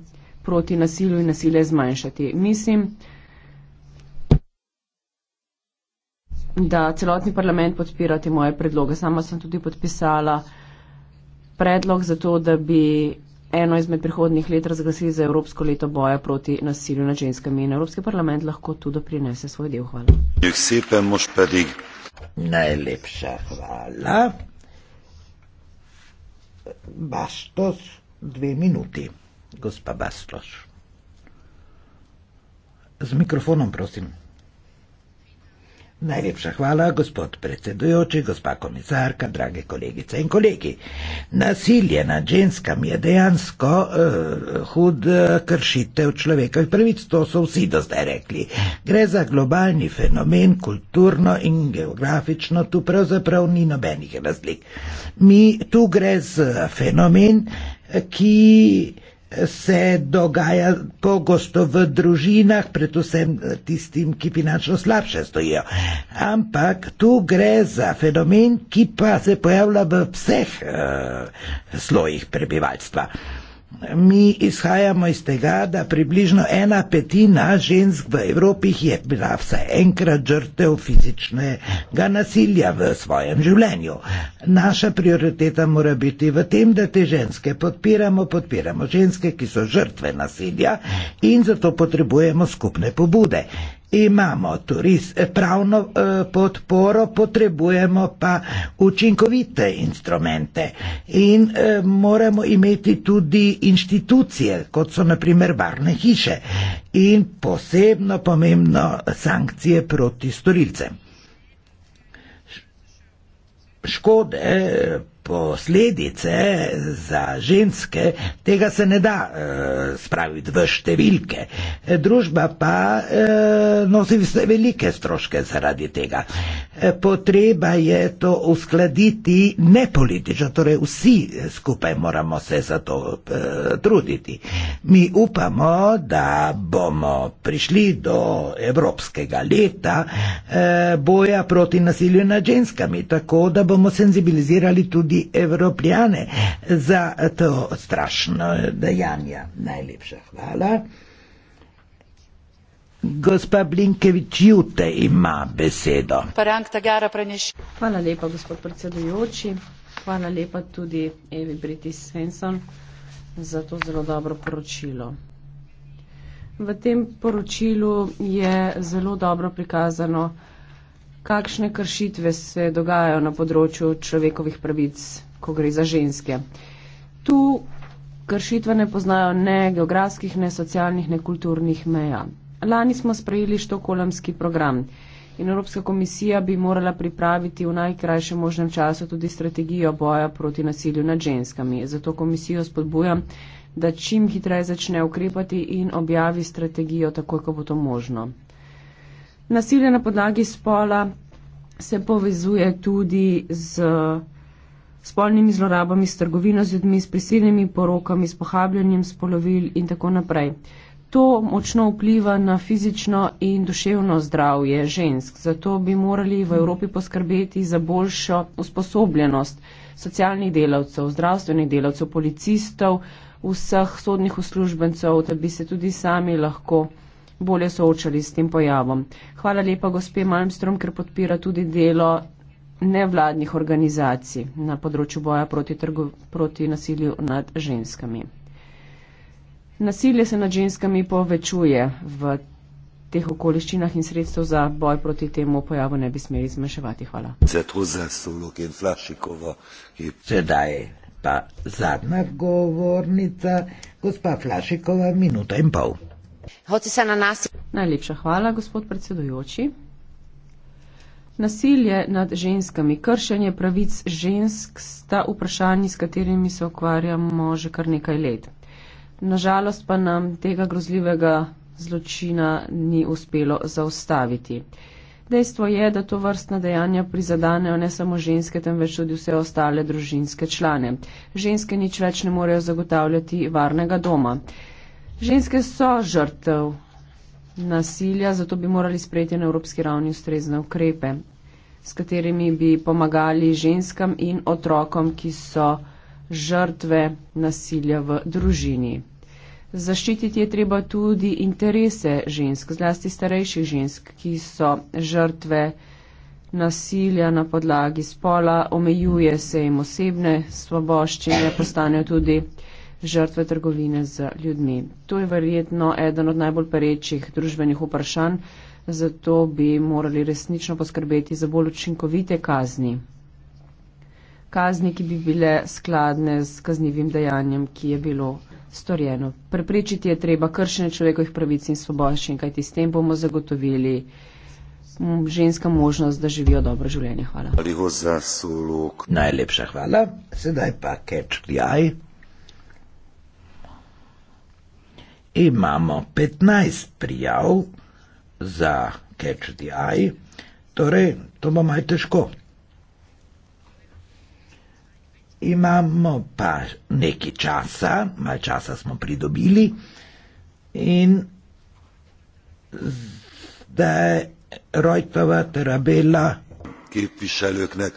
proti nasilju in nasilje zmanjšati. Mislim, da celotni parlament podpira te moje predloge. Sama sem tudi podpisala predlog za to, da bi eno izmed prihodnih let razglasili za Evropsko leto boja proti nasilju nad ženskami in Evropski parlament lahko tudi doprinese svoj del. Hvala. Najlepša hvala. Bastos, dve minuti, gospa Bastos. Z mikrofonom, prosim. Najlepša hvala, gospod predsedujoči, gospa komisarka, drage kolegice in kolegi. Nasilje nad ženskami je dejansko uh, hud eh, kršitev človekovih pravic, to so vsi do zdaj rekli. Gre za globalni fenomen, kulturno in geografično, tu pravzaprav ni nobenih razlik. Mi tu gre za fenomen, ki se dogaja pogosto v družinah, predvsem tistim, ki finančno slabše stojijo. Ampak tu gre za fenomen, ki pa se pojavlja v vseh uh, slojih prebivalstva. Uh, Mi izhajamo iz tega, da približno ena petina žensk v Evropi je bila vsaj enkrat žrtev fizičnega nasilja v svojem življenju. Naša prioriteta mora biti v tem, da te ženske podpiramo, podpiramo ženske, ki so žrtve nasilja in zato potrebujemo skupne pobude imamo turist, eh, pravno eh, podporo, potrebujemo pa učinkovite instrumente in eh, moramo imeti tudi inštitucije, kot so naprimer varne hiše in posebno pomembno sankcije proti storilcem. Škode Posledice za ženske tega se ne da e, spraviti v številke, eh, družba pa e, nosi vse velike stroške zaradi tega. E, potreba je to uskladiti ne politično, torej vsi skupaj moramo se za to e, truditi. Mi upamo, da bomo prišli do evropskega leta e, boja proti nasilju nad ženskami, tako da bomo senzibilizirali tudi tudi evropljane za to strašno dejanje. Najlepša hvala. Gospa Blinkevič Jute ima besedo. Hvala lepa, gospod predsedujoči. Hvala lepa tudi Evi Britis Svensson za to zelo dobro poročilo. V tem poročilu je zelo dobro prikazano, kakšne kršitve se dogajajo na področju človekovih pravic, ko gre za ženske. Tu kršitve ne poznajo ne geografskih, ne socialnih, ne kulturnih meja. Lani smo sprejeli štokolamski program in Evropska komisija bi morala pripraviti v najkrajšem možnem času tudi strategijo boja proti nasilju nad ženskami. Zato komisijo spodbujam, da čim hitreje začne ukrepati in objavi strategijo takoj, ko bo to možno. Nasilje na podlagi spola se povezuje tudi z spolnimi zlorabami, s trgovino z ljudmi, s prisilnimi porokami, s pohabljanjem spolovil in tako naprej. To močno vpliva na fizično in duševno zdravje žensk, zato bi morali v Evropi poskrbeti za boljšo usposobljenost socialnih delavcev, zdravstvenih delavcev, policistov, vseh sodnih uslužbencev, da bi se tudi sami lahko bolje soočali s tem pojavom. Hvala lepa gospe Malmstrom, ker podpira tudi delo nevladnih organizacij na področju boja proti, trgu, proti nasilju nad ženskami. Nasilje se nad ženskami povečuje v teh okoliščinah in sredstev za boj proti temu pojavu ne bi smeli zmanjševati. Hvala. Sedaj pa zadnja govornica, gospa Flašikova, minuta in pol hoci se na nas. Najlepša hvala, gospod predsedujoči. Nasilje nad ženskami, kršenje pravic žensk sta vprašanji, s katerimi se ukvarjamo že kar nekaj let. Nažalost pa nam tega grozljivega zločina ni uspelo zaustaviti. Dejstvo je, da to vrstna dejanja prizadanejo ne samo ženske, temveč tudi vse ostale družinske člane. Ženske nič več ne morejo zagotavljati varnega doma. Ženske so žrtev nasilja, zato bi morali sprejeti na evropski ravni ustrezne ukrepe, s katerimi bi pomagali ženskam in otrokom, ki so žrtve nasilja v družini. Zaščititi je treba tudi interese žensk, zlasti starejših žensk, ki so žrtve nasilja na podlagi spola, omejuje se jim osebne svoboščine, postanejo tudi žrtve trgovine z ljudmi. To je verjetno eden od najbolj perečih družbenih vprašanj, zato bi morali resnično poskrbeti za bolj učinkovite kazni. Kazni, ki bi bile skladne z kaznivim dejanjem, ki je bilo storjeno. Prepričiti je treba kršenje človekovih pravic in svoboščin, kajti s tem bomo zagotovili mm, ženska možnost, da živijo dobro življenje. Hvala. Najlepša hvala. Sedaj pa catch the eye. imamo 15 prijav za Catch the Eye, torej to bo malo težko. Imamo pa nekaj časa, malo časa smo pridobili in zdaj Rojtova terabela, ki piše Ljuknek,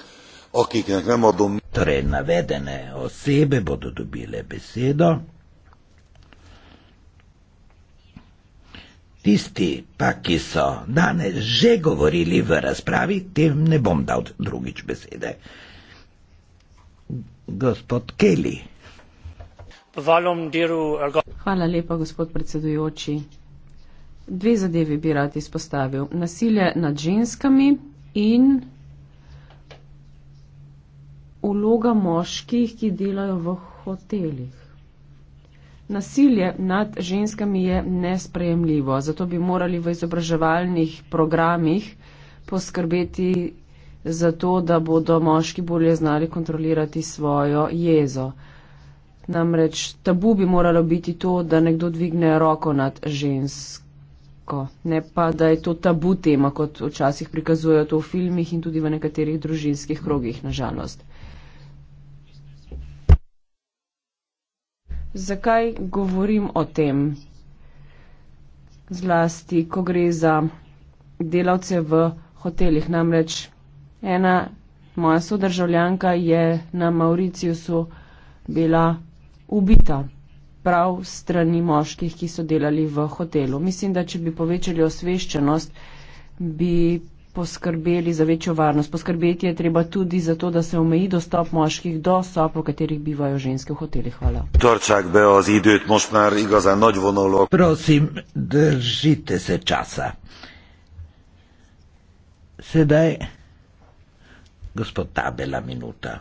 okej, ne moremo domniti. Torej, navedene osebe bodo dobile besedo. Tisti, pa ki so danes že govorili v razpravi, tem ne bom dal drugič besede. Gospod Kelly. Hvala lepa, gospod predsedujoči. Dve zadevi bi rad izpostavil. Nasilje nad ženskami in uloga moških, ki delajo v hotelih. Nasilje nad ženskami je nesprejemljivo, zato bi morali v izobraževalnih programih poskrbeti za to, da bodo moški bolje znali kontrolirati svojo jezo. Namreč tabu bi moralo biti to, da nekdo dvigne roko nad žensko, ne pa da je to tabu tema, kot včasih prikazujejo to v filmih in tudi v nekaterih družinskih krogih, nažalost. Zakaj govorim o tem? Zlasti, ko gre za delavce v hotelih. Namreč ena moja sodržavljanka je na Mauriciusu bila ubita prav strani moških, ki so delali v hotelu. Mislim, da če bi povečali osveščenost, bi poskrbeli za večjo varnost. Poskrbeti je treba tudi za to, da se omeji dostop moških do sob, v katerih bivajo ženske v hotelih. Hvala. Prosim, držite se časa. Sedaj, gospod Tabela, minuta.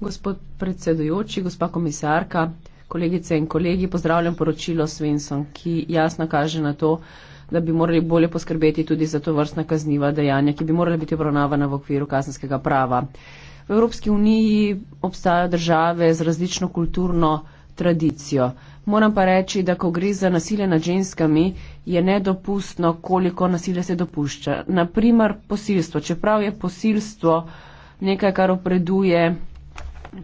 Gospod predsedujoči, gospa komisarka, kolegice in kolegi, pozdravljam poročilo Svensson, ki jasno kaže na to, da bi morali bolje poskrbeti tudi za to vrstna kazniva dejanja, ki bi morala biti obravnavana v okviru kazenskega prava. V Evropski uniji obstajajo države z različno kulturno tradicijo. Moram pa reči, da ko gre za nasilje nad ženskami, je nedopustno, koliko nasilja se dopušča. Naprimer, posilstvo. Čeprav je posilstvo nekaj, kar opreduje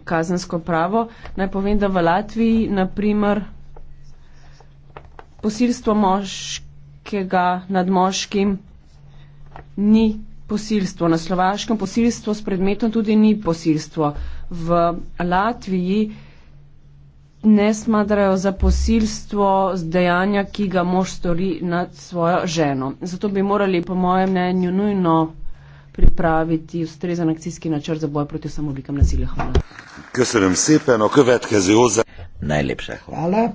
kazensko pravo, naj povem, da v Latviji, naprimer, posilstvo moški ženskega nad moškim ni posilstvo. Na slovaškem posilstvo s predmetom tudi ni posilstvo. V Latviji ne smatrajo za posilstvo dejanja, ki ga mož stori nad svojo ženo. Zato bi morali, po mojem mnenju, nujno pripraviti ustrezan akcijski načrt za boj proti vsem oblikam nasilja. Hvala. Najlepša hvala.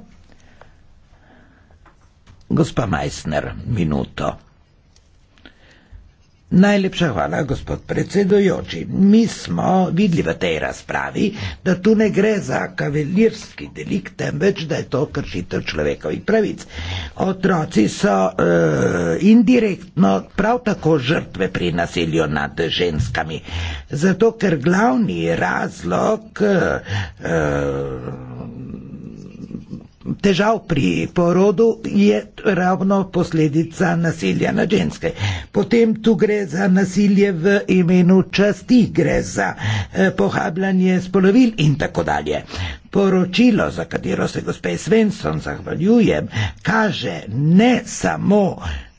Gospa Meissner, minuto. Najlepša hvala, gospod predsedojoči. Mi smo videli v tej razpravi, da tu ne gre za kavelirski delik, temveč da je to kršitev človekovih pravic. Otroci so uh, indirektno prav tako žrtve pri nasilju nad ženskami. Zato, ker glavni razlog. Uh, uh, težav pri porodu je ravno posledica nasilja na ženske. Potem tu gre za nasilje v imenu časti, gre za eh, pohabljanje spolovil in tako dalje. Poročilo, za katero se gospe Svensson zahvaljujem, kaže ne samo,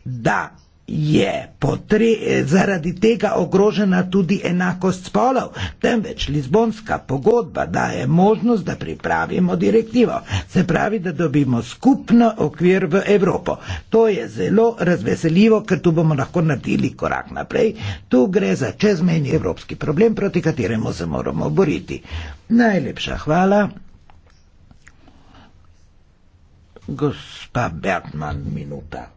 da je potre, zaradi tega ogrožena tudi enakost spolov, temveč Lizbonska pogodba daje možnost, da pripravimo direktivo, se pravi, da dobimo skupno okvir v Evropo. To je zelo razveseljivo, ker tu bomo lahko naredili korak naprej. Tu gre za čezmejni evropski problem, proti kateremu se moramo boriti. Najlepša hvala. Gospa Bertman, minuta.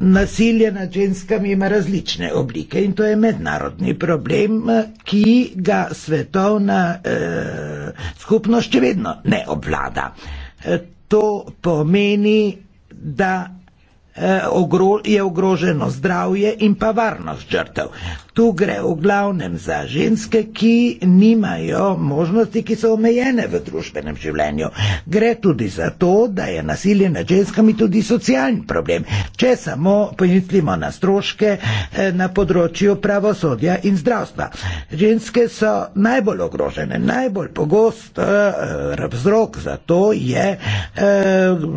Nasilje nad ženskami ima različne oblike in to je mednarodni problem, ki ga svetovna eh, skupnost še vedno ne obvlada. Eh, to pomeni, da Eh, je ogroženo zdravje in pa varnost žrtev. Tu gre v glavnem za ženske, ki nimajo možnosti, ki so omejene v družbenem življenju. Gre tudi za to, da je nasilje nad ženskami tudi socialni problem, če samo pomislimo na stroške eh, na področju pravosodja in zdravstva. Ženske so najbolj ogrožene, najbolj pogost vzrok eh, za to je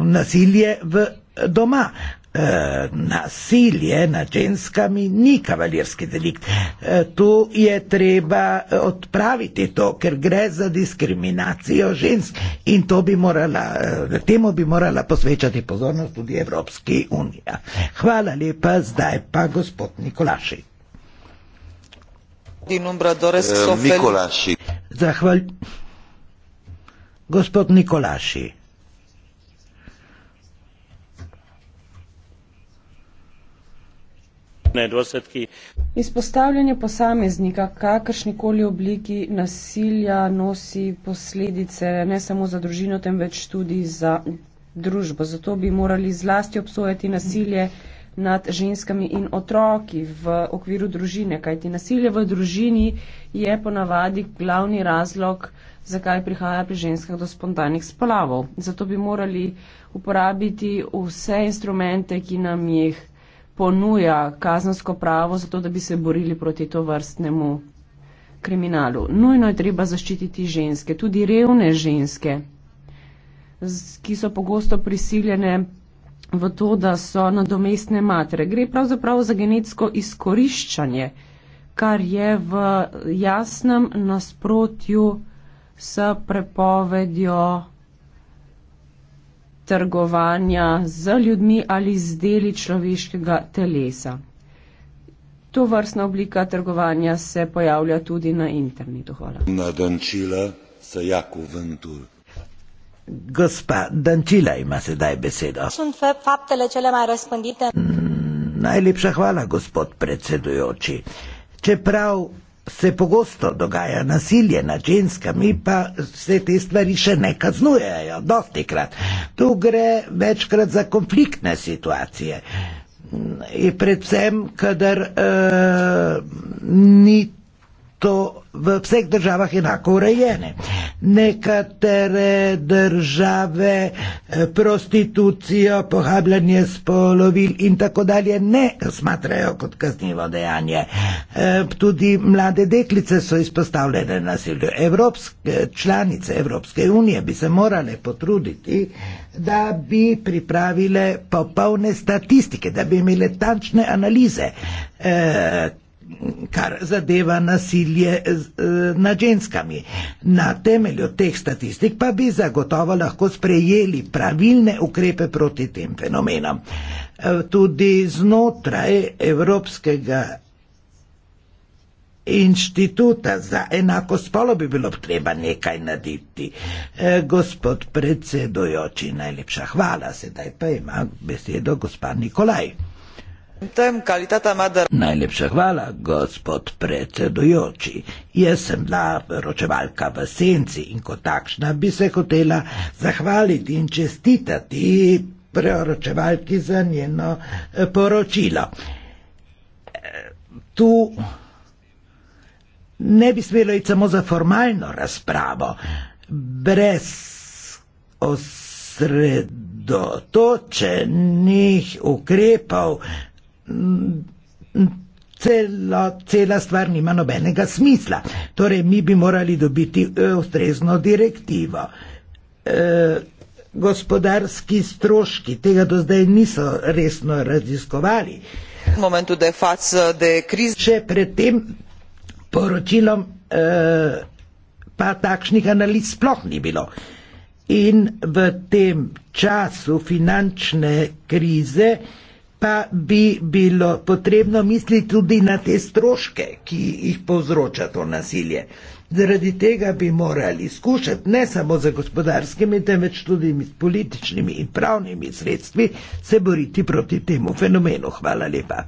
nasilje v doma. E, nasilje nad ženskami ni kavalirski delikt. E, tu je treba eh, odpraviti to, ker gre za diskriminacijo žensk in to bi morala, temu bi morala posvečati pozornost tudi Evropski unija. Hvala lepa, zdaj pa gospod Nikolaši. Nikolaši. Zahvaljujem. Gospod Nikolaši. negativne dôsledky. Izpostavljanje posameznika kakršnikoli obliki nasilja nosi posledice ne samo za družino, temveč tudi za družbo. Zato bi morali zlasti obsojati nasilje nad ženskami in otroki v okviru družine, kajti nasilje v družini je ponavadi glavni razlog, zakaj prihaja pri ženskah do spontanih splavov. Zato bi morali uporabiti vse instrumente, ki nam jih ponuja kazensko pravo, zato da bi se borili proti to vrstnemu kriminalu. Nujno je treba zaščititi ženske, tudi revne ženske, ki so pogosto prisiljene v to, da so nadomestne matere. Gre pravzaprav za genetsko izkoriščanje, kar je v jasnem nasprotju s prepovedjo trgovanja z ljudmi ali z deli človeškega telesa. To vrstna oblika trgovanja se pojavlja tudi na internetu. Hvala. Na Dančila se jako ventur. Gospa Dančila ima sedaj besedo. Mm, najlepša hvala, gospod predsedujoči. Čeprav se pogosto dogaja nasilje nad ženskami, pa se te stvari še ne kaznujejo, dosti krat. Tu gre večkrat za konfliktne situacije. In predvsem, kadar uh, ni to v vseh državah enako urejene. Nekatere države eh, prostitucijo, pohabljanje spolovil in tako dalje ne smatrajo kot kaznivo dejanje. Eh, tudi mlade deklice so izpostavljene nasilju. Evropske članice Evropske unije bi se morale potruditi, da bi pripravile popolne statistike, da bi imele tančne analize, eh, kar zadeva nasilje e, nad ženskami. Na temelju teh statistik pa bi zagotovo lahko sprejeli pravilne ukrepe proti tem fenomenom. E, tudi znotraj Evropskega inštituta za enako spolo bi bilo treba nekaj naditi. E, gospod predsedojoči, najlepša hvala. Sedaj pa ima besedo gospod Nikolaj. Tem kalitata madar. Najlepša hvala, gospod predsedujoči. Jaz sem bila vročevalka v senci in kot takšna bi se hotela zahvaliti in čestitati preoročevalki za njeno e, poročilo. E, tu ne bi smelo iti samo za formalno razpravo, brez osredotočenih ukrepov, Cela, cela stvar nima nobenega smisla. Torej, mi bi morali dobiti eh, ustrezno direktivo. E, gospodarski stroški tega do zdaj niso resno raziskovali. Momentu, da je fac, eh, da je kriz... Še pred tem poročilom e, pa takšnih analiz sploh ni bilo. In v tem času finančne krize e, pa bi bilo potrebno misliti tudi na te stroške, ki jih povzroča to nasilje. Zaradi tega bi morali skušati ne samo z gospodarskimi, temveč tudi s političnimi in pravnimi sredstvi se boriti proti temu fenomenu. Hvala lepa.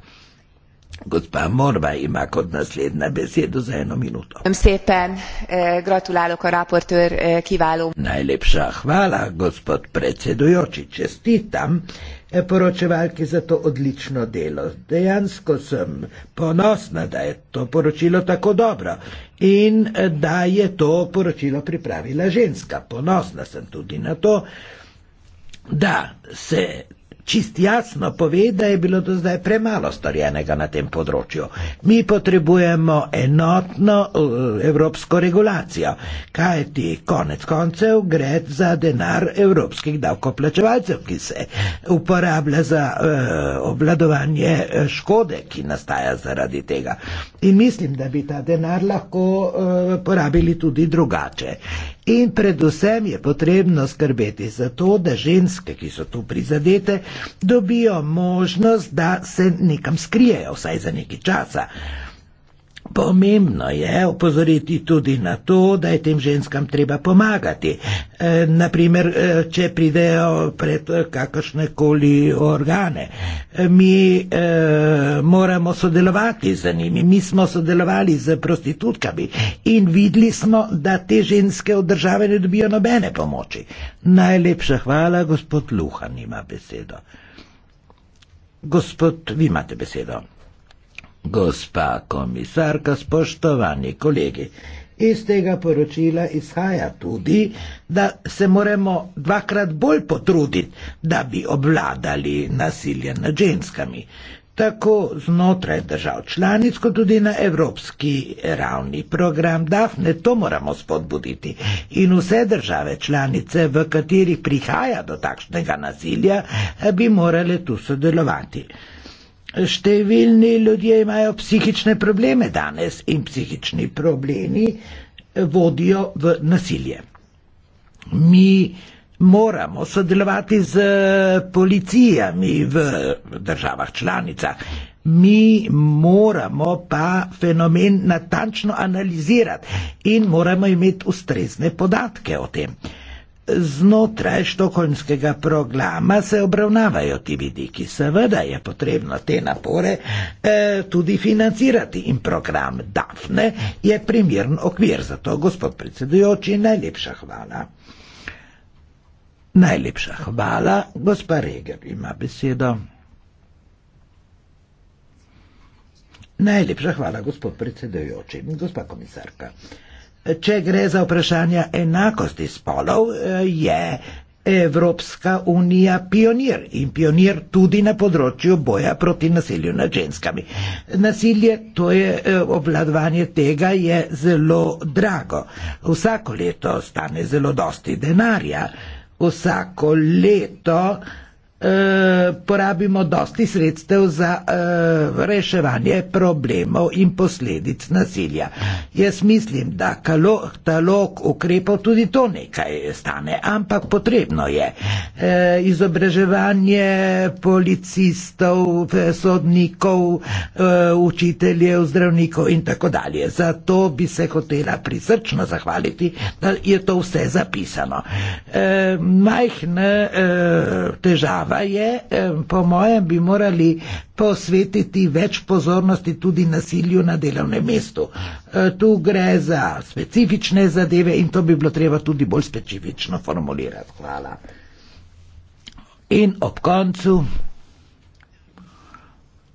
Gospa Morva ima kot naslednja besedo za eno minuto. Sepen, eh, gratulalo, ko raportor eh, kivalo. Najlepša hvala, gospod predsedujoči, čestitam. Eh, Eh, poročevalki za to odlično delo. Dejansko sem ponosna, da je to poročilo tako dobro in eh, da je to poročilo pripravila ženska. Ponosna sem tudi na to, da se Čist jasno pove, da je bilo do zdaj premalo storjenega na tem področju. Mi potrebujemo enotno eh, evropsko regulacijo, kajti konec koncev gre za denar evropskih davkoplačevalcev, ki se uporablja za uh, eh, obladovanje eh, škode, ki nastaja zaradi tega. In mislim, da bi ta denar lahko uh, porabili tudi drugače. In predvsem je potrebno skrbeti za to, da ženske, ki so tu prizadete, dobijo možnost, da se nekam skrijejo, vsaj za neki časa. Pomembno je opozoriti tudi na to, da je tem ženskam treba pomagati. E, naprimer, e, če pridejo pred kakršne koli organe. E, mi e, moramo sodelovati z njimi. Mi smo sodelovali z prostitutkami in videli smo, da te ženske od države ne dobijo nobene pomoči. Najlepša hvala, gospod Luhan ima besedo. Gospod, vi imate besedo. Gospa komisarka, spoštovani kolegi, iz tega poročila izhaja tudi, da se moramo dvakrat bolj potruditi, da bi obvladali nasilje nad ženskami, tako znotraj držav članic, kot tudi na evropski ravni. Program Dafne to moramo spodbuditi in vse države članice, v katerih prihaja do takšnega nasilja, bi morale tu sodelovati. Številni ljudje imajo psihične probleme danes in psihični problemi eh, vodijo v nasilje. Mi moramo sodelovati z eh, policijami v državah članicah. Mi moramo pa fenomen natančno analizirati in moramo imeti ustrezne podatke o tem. Znotraj štokholmskega programa se obravnavajo ti vidiki. Seveda je potrebno te napore eh, tudi financirati in program DAFNE je primern okvir za to, gospod predsedujoči. Najlepša hvala. Najlepša hvala, gospa Reger ima besedo. Najlepša hvala, gospod predsedujoči in gospa komisarka. Če gre za vprašanje enakosti spolov, je Evropska unija pionir in pionir tudi na področju boja proti nasilju nad ženskami. Nasilje, to je e, obladovanje tega, je zelo drago. Vsako leto stane zelo dosti denarja. Vsako leto. Eh, porabimo dosti sredstev za e, reševanje problemov in posledic nasilja. Jaz mislim, da katalog ukrepov tudi to nekaj stane, ampak potrebno je e, izobraževanje policistov, sodnikov, e, učiteljev, zdravnikov in tako dalje. Zato bi se hotela prisrčno zahvaliti, da je to vse zapisano. E, majhne e, težave Država je, po mojem, bi morali posvetiti več pozornosti tudi nasilju na delovnem mestu. E, tu gre za specifične zadeve in to bi bilo treba tudi bolj specifično formulirati. Hvala. In ob koncu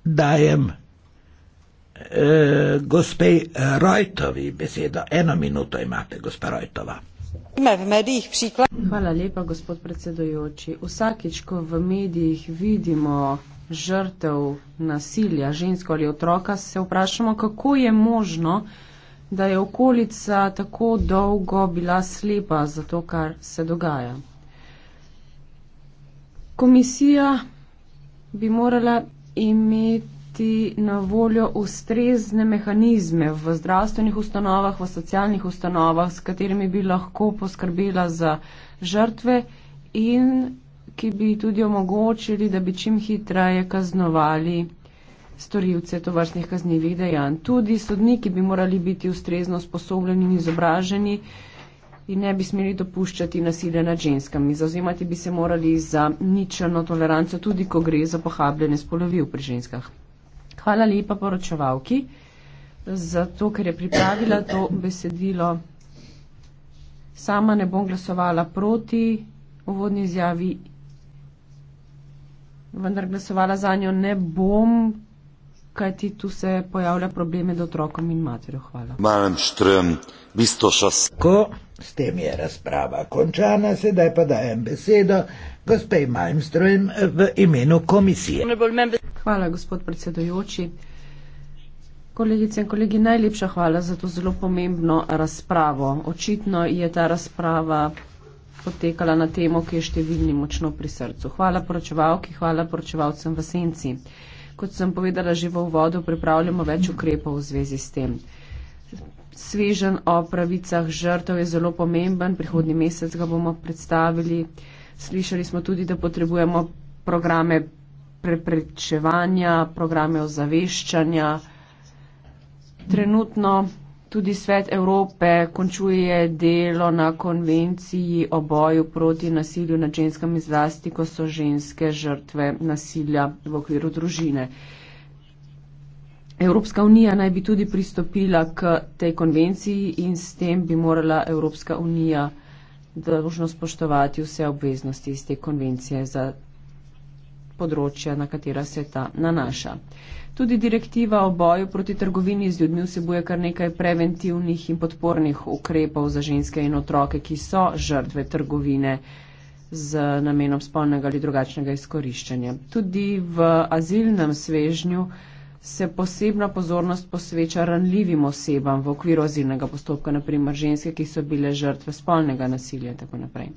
dajem eh, gospej Rojtovi besedo. Eno minuto imate, gospa Rojtova vidimo v medijih příklad. Hvala lepa, gospod predsedujoči. Vsakič, ko v medijih vidimo žrtev nasilja žensko ali otroka, se vprašamo, kako je možno, da je okolica tako dolgo bila slepa za to, kar se dogaja. Komisija bi morala imeti imeti na voljo ustrezne mehanizme v zdravstvenih ustanovah, v socialnih ustanovah, s katerimi bi lahko poskrbela za žrtve in ki bi tudi omogočili, da bi čim hitreje kaznovali storilce tovrstnih kaznjivih dejanj. Tudi sodniki bi morali biti ustrezno sposobljeni in izobraženi in ne bi smeli dopuščati nasilja nad ženskami. Zauzemati bi se morali za ničelno toleranco, tudi ko gre za pohabljene spolovil pri ženskah. Hvala lepa poročevalki za to, ker je pripravila to besedilo. Sama ne bom glasovala proti uvodni izjavi, vendar glasovala za njo ne bom, kajti tu se pojavlja probleme do otrokom in materjo. Hvala. Malem štrem, bisto šas. Ko s tem je razprava končana, sedaj pa dajem besedo gospej Malem strojem v imenu komisije. Hvala, gospod predsedojoči. Kolegice in kolegi, najlepša hvala za to zelo pomembno razpravo. Očitno je ta razprava potekala na temo, ki je številni močno pri srcu. Hvala poročevalki, hvala poročevalcem v senci. Kot sem povedala že v uvodu, pripravljamo več ukrepov v zvezi s tem. Svežen o pravicah žrtev je zelo pomemben, prihodni mesec ga bomo predstavili. Slišali smo tudi, da potrebujemo programe preprečevanja, programe ozaveščanja. Trenutno tudi Svet Evrope končuje delo na konvenciji o boju proti nasilju nad ženskami zlasti, ko so ženske žrtve nasilja v okviru družine. Evropska unija naj bi tudi pristopila k tej konvenciji in s tem bi morala Evropska unija dolžno spoštovati vse obveznosti iz te konvencije za področja, na katera se ta nanaša. Tudi direktiva o boju proti trgovini z ljudmi vsebuje kar nekaj preventivnih in podpornih ukrepov za ženske in otroke, ki so žrtve trgovine z namenom spolnega ali drugačnega izkoriščanja. Tudi v azilnem svežnju se posebna pozornost posveča ranljivim osebam v okviru azilnega postopka, naprimer ženske, ki so bile žrtve spolnega nasilja in tako naprej.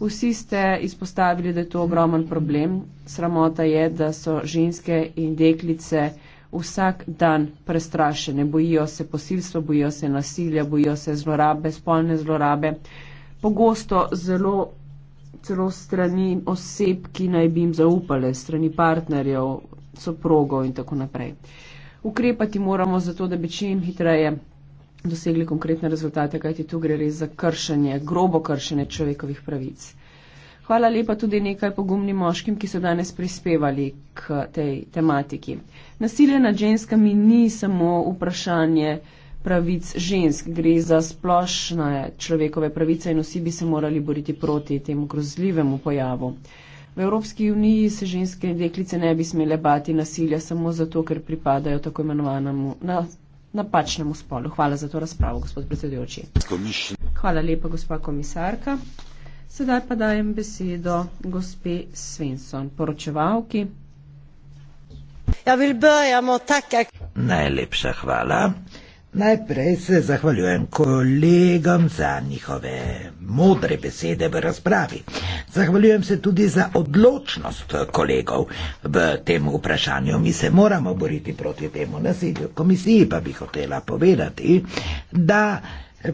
Vsi ste izpostavili, da je to ogromen problem. Sramota je, da so ženske in deklice vsak dan prestrašene. Bojijo se posilstva, bojijo se nasilja, bojijo se zlorabe, spolne zlorabe. Pogosto zelo celo strani oseb, ki naj bi jim zaupale, strani partnerjev, soprogov in tako naprej. Ukrepati moramo zato, da bi čim hitreje dosegli konkretne rezultate, kajti tu gre res za kršenje, grobo kršenje človekovih pravic. Hvala lepa tudi nekaj pogumnim moškim, ki so danes prispevali k tej tematiki. Nasilje nad ženskami ni samo vprašanje pravic žensk, gre za splošne človekove pravice in vsi bi se morali boriti proti temu grozljivemu pojavu. V Evropski uniji se ženske in deklice ne bi smele bati nasilja samo zato, ker pripadajo tako imenovanemu, na, napačnemu spolu. Hvala za to razpravo, gospod predsedujoči. Hvala lepa, gospa komisarka. Sedaj pa dajem besedo gospe Svensson, poročevalki. Ja, Najlepša hvala. Najprej se zahvaljujem kolegom za njihove modre besede v razpravi. Zahvaljujem se tudi za odločnost kolegov v tem vprašanju. Mi se moramo boriti proti temu nasilju. Komisiji pa bi hotela povedati, da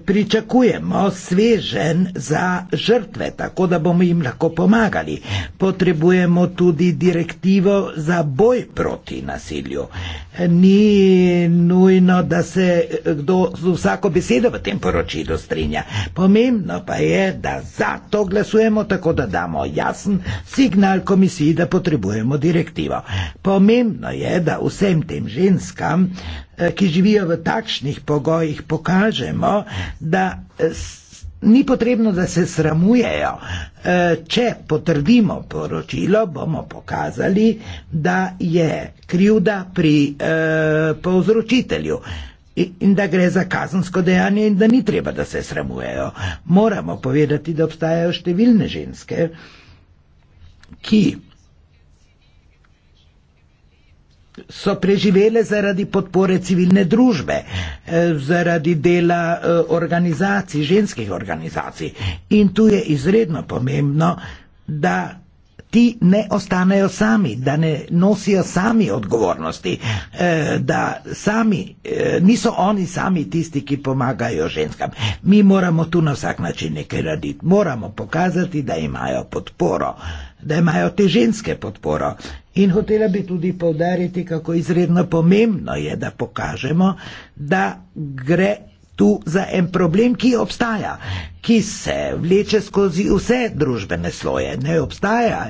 Pričakujemo svežen za žrtve, tako da bomo jim lahko pomagali. Potrebujemo tudi direktivo za boj proti nasilju. Ni nujno, da se kdo z vsako besedo v tem poročilu strinja. Pomembno pa je, da za to glasujemo, tako da damo jasen signal komisiji, da potrebujemo direktivo. Pomembno je, da vsem tem ženskam, eh, ki živijo v takšnih pogojih, pokažemo, da eh, ni potrebno, da se sramujejo. Eh, če potrdimo poročilo, bomo pokazali, da je krivda pri eh, povzročitelju. In da gre za kazansko dejanje, in da ni treba, da se sramujejo. Moramo povedati, da obstajajo številne ženske, ki so preživele zaradi podpore civilne družbe, eh, zaradi dela eh, organizacij, ženskih organizacij. In tu je izredno pomembno, da ti ne ostanejo sami, da ne nosijo sami odgovornosti, eh, da sami, niso oni sami tisti, ki pomagajo ženskam. Mi moramo tu na vsak način nekaj narediti, moramo pokazati, da imajo podporo da imajo te ženske podporo. In hotela bi tudi povdariti, kako izredno pomembno je, da pokažemo, da gre tu za en problem, ki obstaja, ki se vleče skozi vse družbene sloje. Ne obstaja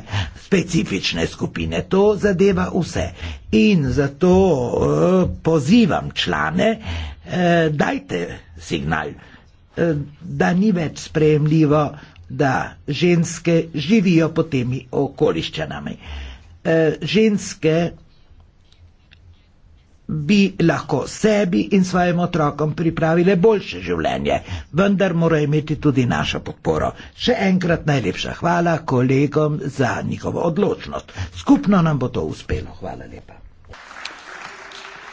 specifične skupine, to zadeva vse. In zato uh, pozivam člane, uh, dajte signal, uh, da ni več sprejemljivo da ženske živijo pod temi okoliščinami. E, ženske bi lahko sebi in svojim otrokom pripravile boljše življenje, vendar morajo imeti tudi našo podporo. Še enkrat najlepša hvala kolegom za njihovo odločnost. Skupno nam bo to uspelo. Hvala lepa.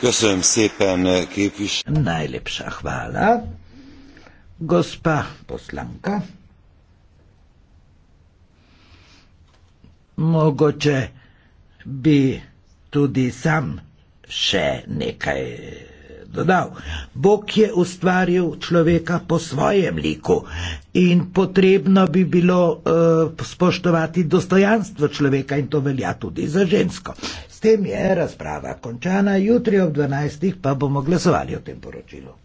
Köszönöm szépen, eh, képviselő. Najlepša hvala, gospa poslanka. mogoče bi tudi sam še nekaj dodal. Bog je ustvaril človeka po svojem liku in potrebno bi bilo uh, spoštovati dostojanstvo človeka in to velja tudi za žensko. S tem je razprava končana, jutri ob 12. pa bomo glasovali o tem poročilu.